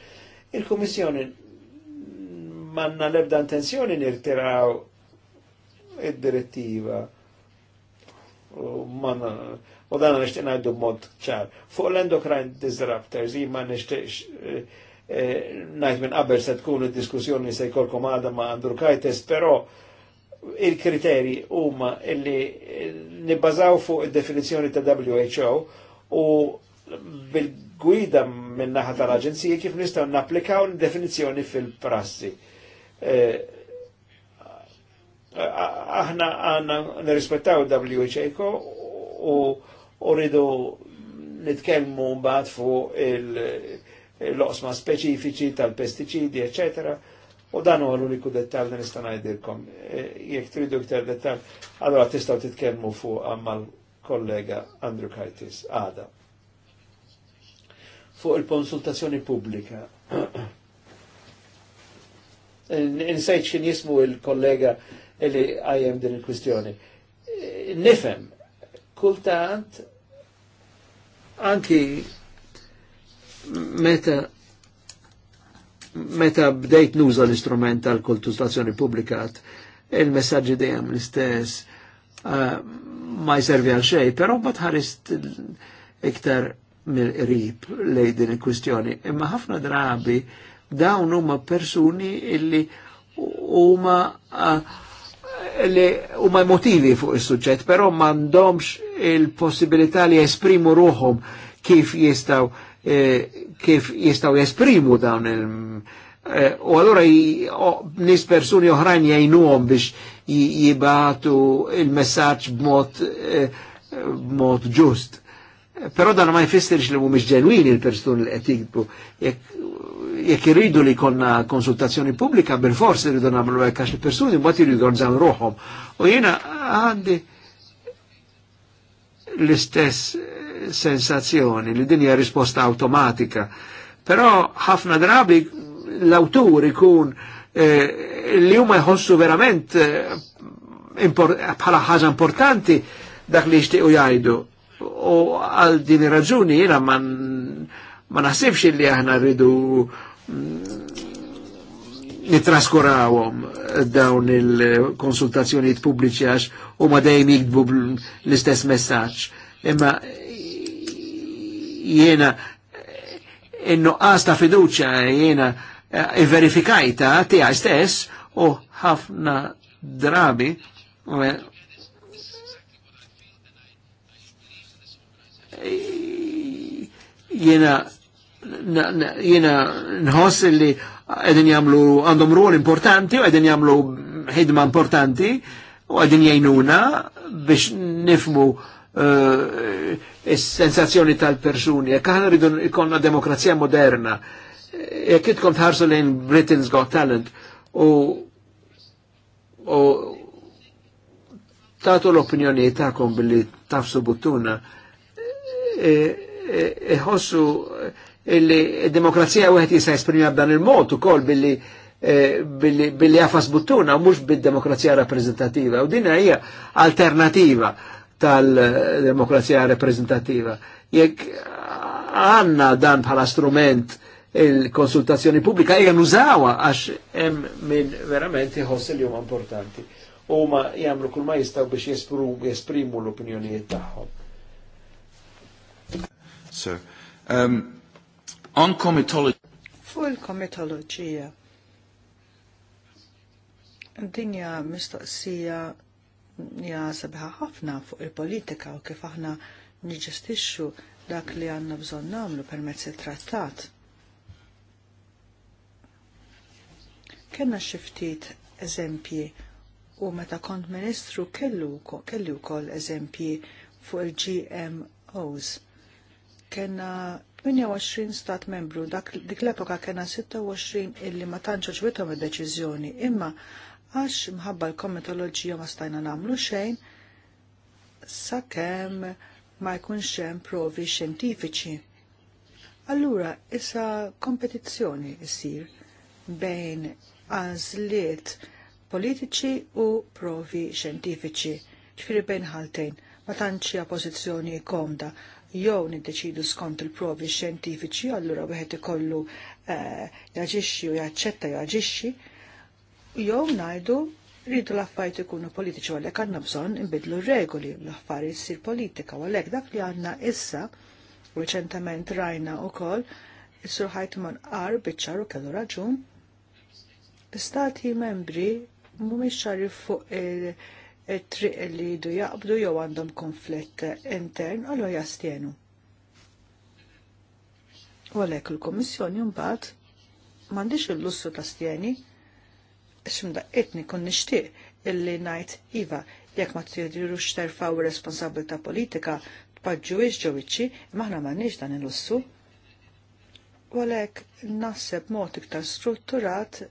il-Komissjoni manna lebda intenzjoni nirtiraw id-direttiva u dan nishtiq najdu mod ċar. Fuq l-endocrine disruptors, jimma nishtiq eh, eh, najt minn qabel se tkun id-diskussjoni se jkolkom għada ma' Andrew Kajtes, pero il-kriteri huma illi nibbażaw fuq id-definizzjoni ta' WHO u bil gwida minnaħa tal-Aġenzija kif nistaw napplikaw definizjoni fil-prassi. E, aħna għanna nirrispettaw WHO u rridu nitkelmu mbagħad fuq l osma speċifiċi tal-pestiċidi, eccetera. U dan huwa l-uniku dettal li nista' ngħidilkom. E, jekk tridu iktar dettal, allora tistgħu titkellmu fuq mal kollega Andrew Kajtis Adam fuq il-konsultazzjoni pubblika. Insejt xin jismu il-kollega li għajem din il-kwistjoni. Nifem, kultant anki meta meta bdejt nuża l-istrument tal-konsultazzjoni publikat, il-messagġi dejjem l-istess, uh, ma jservi għal xej, però bat ħarist iktar mill-qrib lej din il-kwistjoni. Imma ħafna drabi dawn huma persuni illi huma eh, li huma motivi fuq is-suġġett, però m'għandhomx il-possibilità li jesprimu ruhom kif jistgħu eh, kif jistgħu jesprimu dawn il- eh, u allora nis persuni oħrajn jgħinuhom biex jibatu il-messaġġ b'mod b'mod ġust Eh, Pero dan ma jfisserx li mhumiex ġenwini il persuni li qed jiktbu. Jekk irridu li konna konsultazzjoni pubblika bil-forsi irridu nagħmlu hekk għax il-persuni mbagħad jridu jorganżaw ruħhom. U jiena għandi l-istess eh, sensazzjoni li din hija risposta automatika. Però ħafna drabi l-awtur ikun eh, li huma jħossu verament bħala ħaġa importanti dak li jixtiequ jgħidu U għal din raġuni jena man ma naħsibx li aħna rridu mm, nitraskurawhom dawn il-konsultazzjonijiet pubbliċi għax u ma dejjem jiktbu l-istess messaġġ. Imma jiena in-nuqqas ta' fiduċja jiena eh, verifikajta tiegħi stess u ħafna drabi eh, jena jena nħoss li għedin jamlu għandhom ruol importanti u għedin jamlu ħidma importanti u għedin jajnuna biex nifmu uh, eh, sensazzjoni tal-persuni. Jek aħna ridun ikonna demokrazija moderna, jek itkom tħarsu lejn Britain's Got Talent u tatu l-opinjoni ta'kom billi tafsu buttuna iħossu illi demokrazija u għet jisa jesprimja b'dan il-mod ukoll billi eh, billi għafas buttuna, mux bil-demokrazija rappresentativa. U dinna hija alternativa tal-demokrazija rappresentativa. Jekk għanna dan bħala strument il-konsultazzjoni pubblika, jgħan użawa għax hemm minn verament iħoss li huma importanti. Huma jagħmlu kull ma jistgħu biex jesprimu l-opinjonijiet tagħhom sir. Um, on comitology... Fuq il-komitoloġija, dinja mistoqsija ja sabiħa ħafna fuq il-politika u kif aħna niġestixxu dak li għanna bżon namlu permezz il-trattat. Kenna xiftit eżempji u meta kont ministru kellu kelli wkoll eżempji fuq il-GMOs kena 28 stat membru, dak dik l-epoka kena 26 illi ma tantx ġwitom id-deċiżjoni, imma għax mħabba l-komitoloġija ma stajna namlu xejn sakemm ma jkunx hemm provi xjentifiċi. Allura issa kompetizzjoni jisir bejn għażliet politiċi u provi xjentifiċi, ġifieri bejn ħaltejn ma tantx hija pożizzjoni komda jew niddeċidu skont il-provi xjentifiċi allura wieħed ikollu eh, jaġixxi u jaċċetta jaġixxi jew ngħidu rridu l-affarijiet ikunu politiċi għalhekk għandna bżonn inbidlu r-regoli l-affarijiet issir politika u għalhekk dak li għandna issa reċentament rajna wkoll is-sur Ħajtman qar biċċar u kellu raġun l-istati membri mhumiex ċari fuq il- triq li jidu jaqbdu jew għandhom konflitt intern għallu jastjenu. U għalhekk il-Kummissjoni mbagħad m'għandix il-lussu ta' stjeni x'imdaqqietni kun nixtieq illi ngħid iva jekk ma tridux terfaw ir-responsabilità politika tpaġġu ġewwiċċi, maħna m'għandniex dan il-lussu. U għalhekk naħseb mod iktar strutturat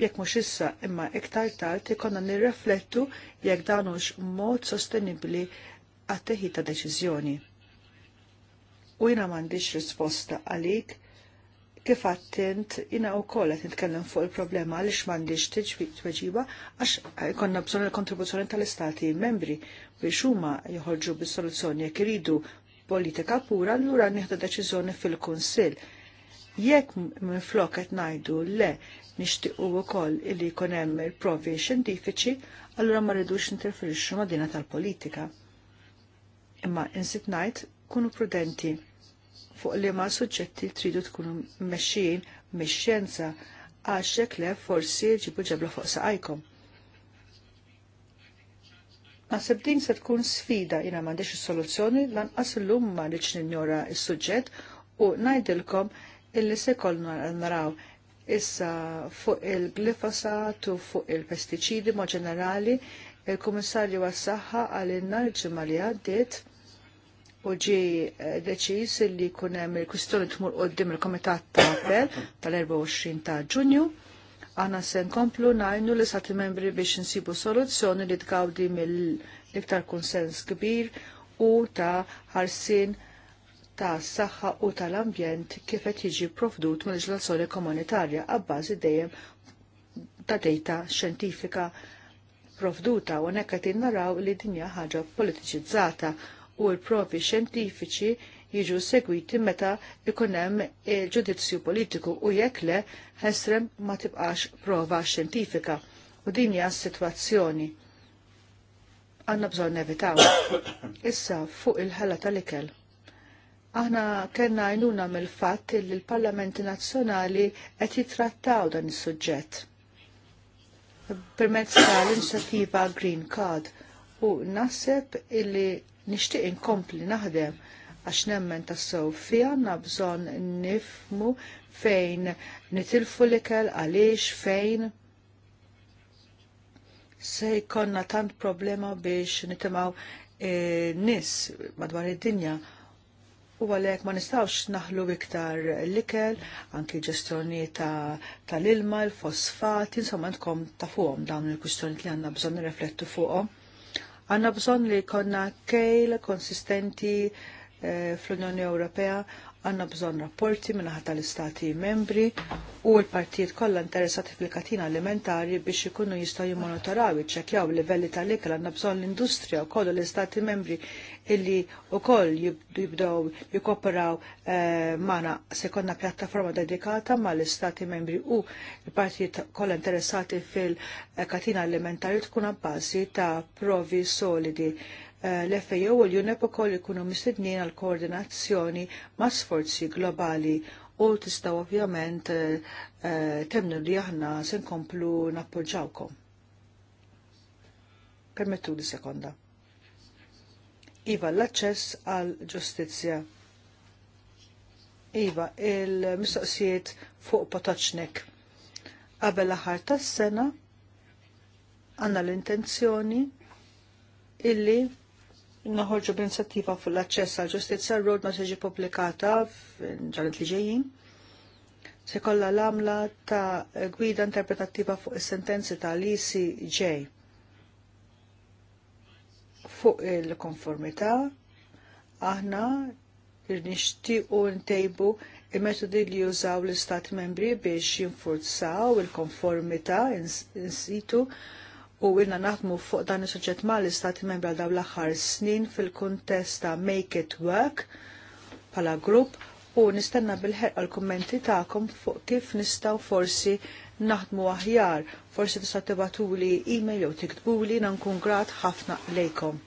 jekk mhux issa imma iktar tard ikonna nirreflettu jekk dan hux mod sostenibbli għat-teħid ta' deċiżjoni. U jiena m'għandix risposta għalik kif għattint jina u koll nitkellem fuq il-problema għalix m'għandix tweġiba għax ikonna bżonn il-kontribuzzjoni tal-istati membri biex huma joħorġu bis-soluzzjoni jekk iridu politika pura allura nieħdu deċiżjoni fil-Kunsill jekk minn flok qed ngħidu le nixtiequ wkoll illi jkun hemm il-provi xjentifiċi, allura ma rridux interferixxu ma' dina tal-politika. Imma insit ngħid kunu prudenti fuq li ma' suġġetti tridu tkunu mmexxin mix-xjenza għax le forsi ġibu ġebla fuq saqajkom. Naħseb din se tkun sfida jiena m'għandix is-soluzzjoni lanqas illum ma rridx ninjora s-suġġett u ngħidilkom illi se kollna naraw Issa fuq il-glifosat u fuq il-pestiċidi ma' ġenerali, il-Kummissarju għas-Saħħa għalinna l-ġimgħa li għaddiet u ġi eh, deċiż li jkun hemm il-kwistjoni tmur qoddim il-Komitat ta' Appell tal-24 ta' Ġunju. Għana se nkomplu najnu li sati membri biex nsibu soluzzjoni li tgawdi mill-iktar konsens kbir u ta' ħarsin ta' saħħa u tal-ambjent kif qed jiġi provdut mill leġislazzjoni komunitarja għabbażi dejjem ta' dejta xjentifika provduta u hekk qed naraw li dinja ħaġa politiċizzata u l-provi xjentifiċi jiġu segwiti meta ikun hemm il-ġudizzju politiku u jekk le ħesrem ma tibqax prova xjentifika. U din hija s-sitwazzjoni. Għandna bżonn nevitaw. Issa fuq il-ħala tal-ikel Aħna kena għajnuna mill-fatt li l-Parlamenti Nazzjonali qed jitrattaw dan is-suġġett permezz tal-inizjattiva Green Card u naħseb illi nixtieq inkompli naħdem għax nemmen tassew fija għanna bżonn nifmu fejn nitilfu l-ikel għaliex fejn se jkonna tant problema biex nitimgħu e, eh, nis madwar id-dinja u għalhekk ma nistawx naħlu iktar l-ikel, anki ġestjoni tal-ilma, l fosfat insomma għandkom fuqom dawn il kustjoni li għandna bżonn nirreflettu fuqhom. Għandna bżonn li jkollna kejl konsistenti eh, fl-Unjoni Ewropea għanna bżon rapporti minna ħata l-istati membri u l-partijiet kollha interessati fil-katina alimentari biex ikunu jistgħu jimmonitoraw iċċekkjaw livelli tal-ikel għandna bżonn l-industrija u koll l-istati membri illi wkoll jibdew jikoperaw eh, mana se jkollna pjattaforma dedikata ma l-istati membri u l-partijiet kollha interessati fil-katina eh, alimentari tkun abbażi ta' provi solidi Eh, l-FAO u l-UNEP ukoll ikunu mistednin għal koordinazzjoni ma' sforzi globali u tista' ovvjament eh, eh, temnu li aħna se nkomplu nappoġġawkom. Permettu li sekonda. Iva, l-aċċess għal ġustizzja. Iva, il-mistoqsijiet fuq Potoċnek Qabel aħar tas-sena għanna l-intenzjoni illi naħorġu b'inizjattiva fuq l-aċċess għal ġustizzja rodma se ġi pubblikata f'ġarret li ġejjin. Se kollha l-għamla ta' gwida interpretattiva fuq is-sentenzi Lisi J. fuq il-konformità aħna nixtiequ ntejbu il-metodi li jużaw l-Istati membri biex jinfurzaw il-konformità in situ in u irna naħdmu fuq dan is-suġġett mal-istati membri għal dawn l-aħħar snin fil-kuntest ta' Make It Work bħala grupp u nistenna bil ħerq l-kummenti tagħkom fuq kif nistgħu forsi naħdmu aħjar, forsi tista' tibatuli email jew tiktbuli nkun grat ħafna lejkom.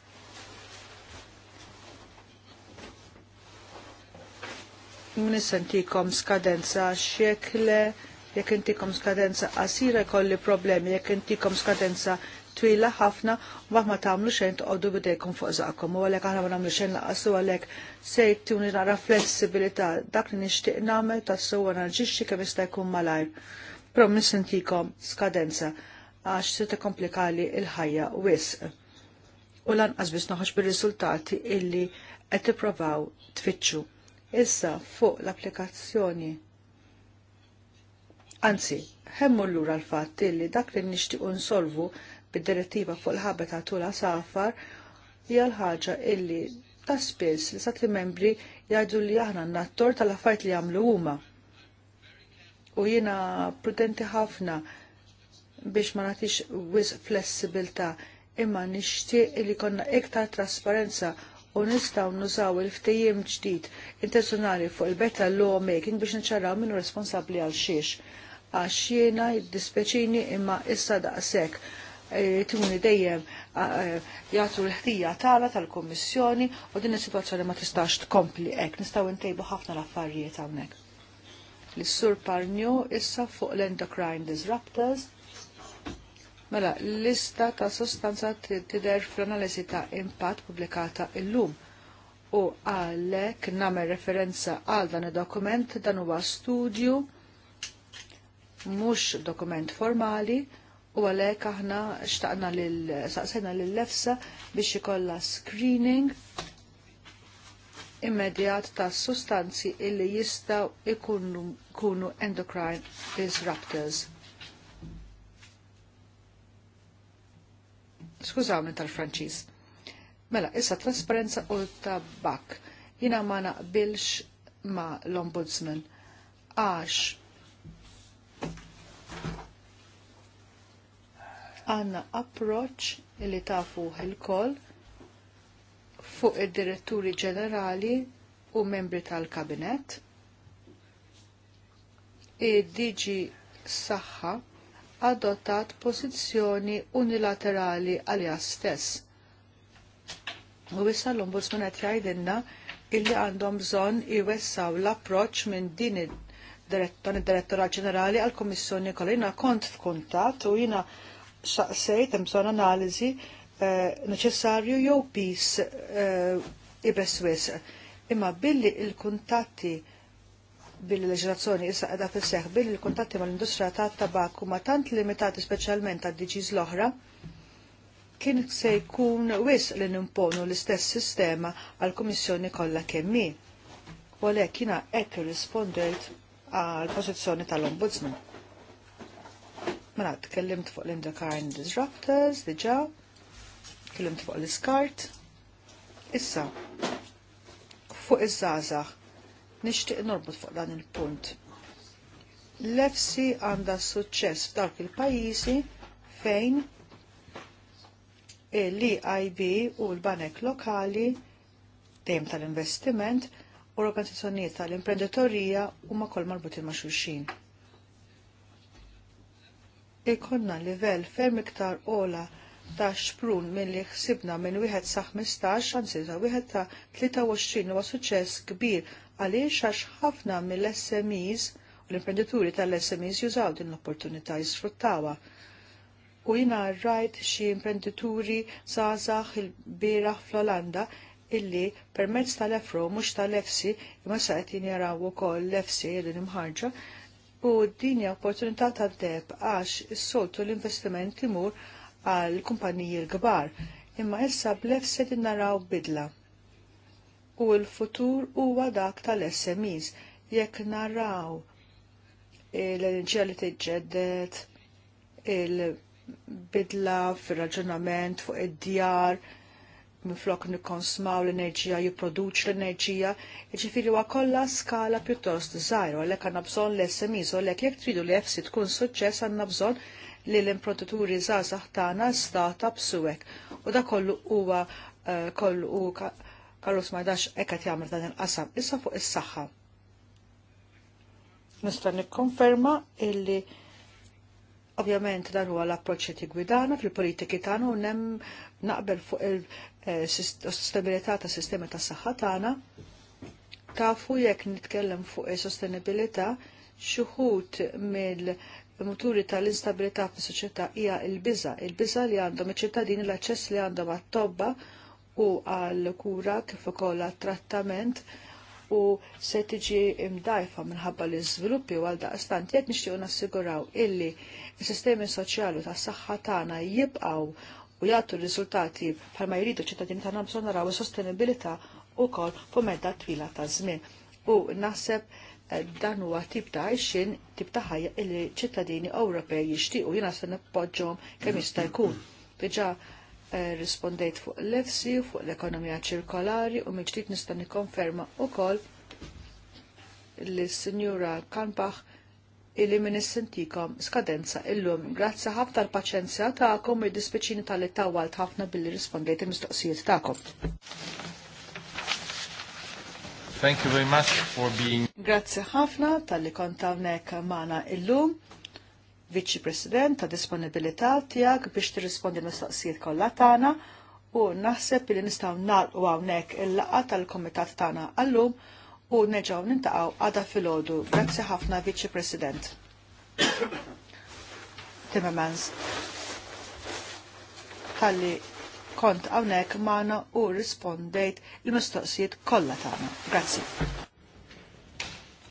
Nisentikom skadenza xekle jekk intikom skadenza qasira jkolli problemi, jekk intikom skadenza twila ħafna u ma tagħmlu xejn toqgħodu bidejkom fuq żaqkom u għalhekk aħna ma nagħmlu xejn laqasu għalhekk se jtuni nara flessibilità dak li nixtieq nagħmel tas-sewwa naġixxi kemm jista' jkun malajr. Promiss intikom skadenza għax se tikkomplikali il-ħajja wisq u lanqas biss noħoġ bir-riżultati illi qed tippruvaw tfittxu. Issa fuq l-applikazzjoni Anzi, hemmu l-lura l-fatt li dak li nixtiequ nsolvu bid-direttiva fuq il-ħabet tula safar hija l-ħaġa illi ta' spiss li stati membri jgħidu li aħna n-nattor tal affajt li jagħmlu huma. U jiena prudenti ħafna biex ma nagħtix wis flessibilta' imma nixtieq li konna iktar trasparenza u nistaw nużaw il-ftejjem ġdid intenzjonali fuq il-beta law making biex niċċaraw minnu responsabli għal xiex għax jiena jiddispeċini imma issa daqshekk e, tuni dejjem jgħatu l-ħtija tala tal komissjoni u din is-sitwazzjoni ma tistax tkompli hekk, nistgħu ntejbu ħafna l-affarijiet hawnhekk. L-Sur Parnju issa fuq l-endocrine disruptors. Mela, lista ta' sostanza tidher fl-analisi ta' impatt pubblikata illum u għalek nagħmel referenza għal dan id-dokument dan huwa studju mhux dokument formali u għalhekk aħna xtaqna lil saqsejna lill-lefsa biex ikollha screening immedjat ta' sustanzi illi jistaw ikunu endocrine disruptors. Skużawni tal-Franċiż. Mela, issa trasparenza u tabak. Jina ma naqbilx ma l-ombudsman għax Għanna approċ li tafu il-koll fuq id-diretturi ġenerali u membri tal-kabinet. Id-DG Saħħa adottat pożizzjoni unilaterali għalja stess. U issa l-Ombudsman qed jgħidilna illi għandhom bżonn iwessaw l-approċċ minn din id-dir-da dan id-direttorat ġenerali għal kommissjoni kollha jina kont f'kuntatt u jiena saqsejt hemm bżonn eh, neċessarju jew pis eh, ibes wisq. Imma billi il-kuntatti billi leġerazzjoni issa qiegħda fis-seħħ billi l-kuntatti mal-industrija tat-tabak huma tant limitati speċjalment għad-diġiż l-oħra, kien se jkun wis li nimponu l-istess sistema għal-Kummissjoni kollha kemm min. Walek jiena hekk irrispondejt għal pożizzjoni tal-Ombudsman. Mela, tkellimt fuq l-endocrine disruptors, diġa, tkellimt fuq l-iskart. Issa, fuq iż-żazax, nixtieq norbut fuq dan il-punt. L-EFSI għandha suċċess f'dawk il-pajjiżi fejn l-EIB u l-banek lokali dejjem tal-investiment u organizzazzjonijiet tal-imprenditorija huma kol marbuti ma' xulxin. Ikonna livell ferm iktar ola ta' xprun milli xsibna minn wieħed sa' 15 anzi siża wieħed ta' 23 huwa suċċess kbir għaliex għax ħafna mill-SMEs u l-imprenditori tal-SMEs jużaw din l-opportunità jisfruttawha. U jina rajt xi imprenditori zazax il-bieraħ fl-Olanda illi permezz tal-efro mhux tal-efsi imma se qed jaraw ukoll l-efsi li nimħarġa u din hija opportunità ta' deb għax is-soltu l-investiment imur għal kumpaniji l-kbar imma issa bl-efsi din naraw bidla. U l-futur huwa dak tal-SMEs jekk naraw l-enerġija li tiġġedded il-bidla fir raġunament fuq id-djar, minflok nikkonsmaw l-enerġija, jipproduċ l-enerġija, jiġifieri huwa kollha skala pjuttost żgħira, għalhekk għandna bżonn l-SMEs, għalhekk jekk tridu li EFSI tkun suċċess għandna bżonn li l-improduturi żgħażagħ tagħna startup suwek. U da kollu huwa eh, kollu u Carlos Majdax hekk qed jagħmel dan il-qasam issa fuq is-saħħa. Nista' nikkonferma illi Ovvjament dan huwa l-approċċ li gwidana fil-politiki tagħna u hemm naqbel fuq Eh, sostenibilità ta' sistema ta' saħħa tagħna, tafu jekk nitkellem fuq sostenibilità xuħut mill-muturi tal-instabilità fis-soċjetà hija l-biża, il-biża li għandhom iċ-ċittadini l-aċċess li għandhom għat-tobba u għal kura kif ukoll għat-trattament u se tiġi imdajfa minħabba li żviluppi għal daqstant jekk nixtiequ nassiguraw illi s-sistemi soċjali tas saħħa tagħna jibqgħu u jagħtu r-riżultati bħalma jridu ċittadini ta' nabżon naraw is-sostenibilità wkoll fuq medda twila ta' żmien. U naħseb eh, dan huwa tip ta' għajxin, tip ta' ħajja illi ċittadini Ewropej jixtiequ jiena se nippoġġhom kemm jista' jkun. Diġà eh, rispondejt fuq l-EFSI, fuq l-ekonomija ċirkolari u minn ġdid nista' nikkonferma wkoll li s-Sinjura Kanbach illi min sintikom skadenza illum. Grazzi ħafna tal-paċenzja ta'kom u dispeċini tal-li ħafna billi rispondejt il-mistoqsijiet ta'kom. Thank you very much for being... Grazzi ħafna tal-li kontawnek maħna illum. Viċi President ta' disponibilità tijak biex tirrispondi l-mistoqsijiet kollha tagħna u naħseb li nistgħu nagħlqu hawnhekk il-laqgħa tal-Komitat tagħna għallum u neġaw nintaqaw għada fil-ħodu. Grazzi ħafna, Vice President. Timmermans. Talli kont għawnek maħna u rispondejt il-mistoqsijiet kollha tagħna. Grazzi.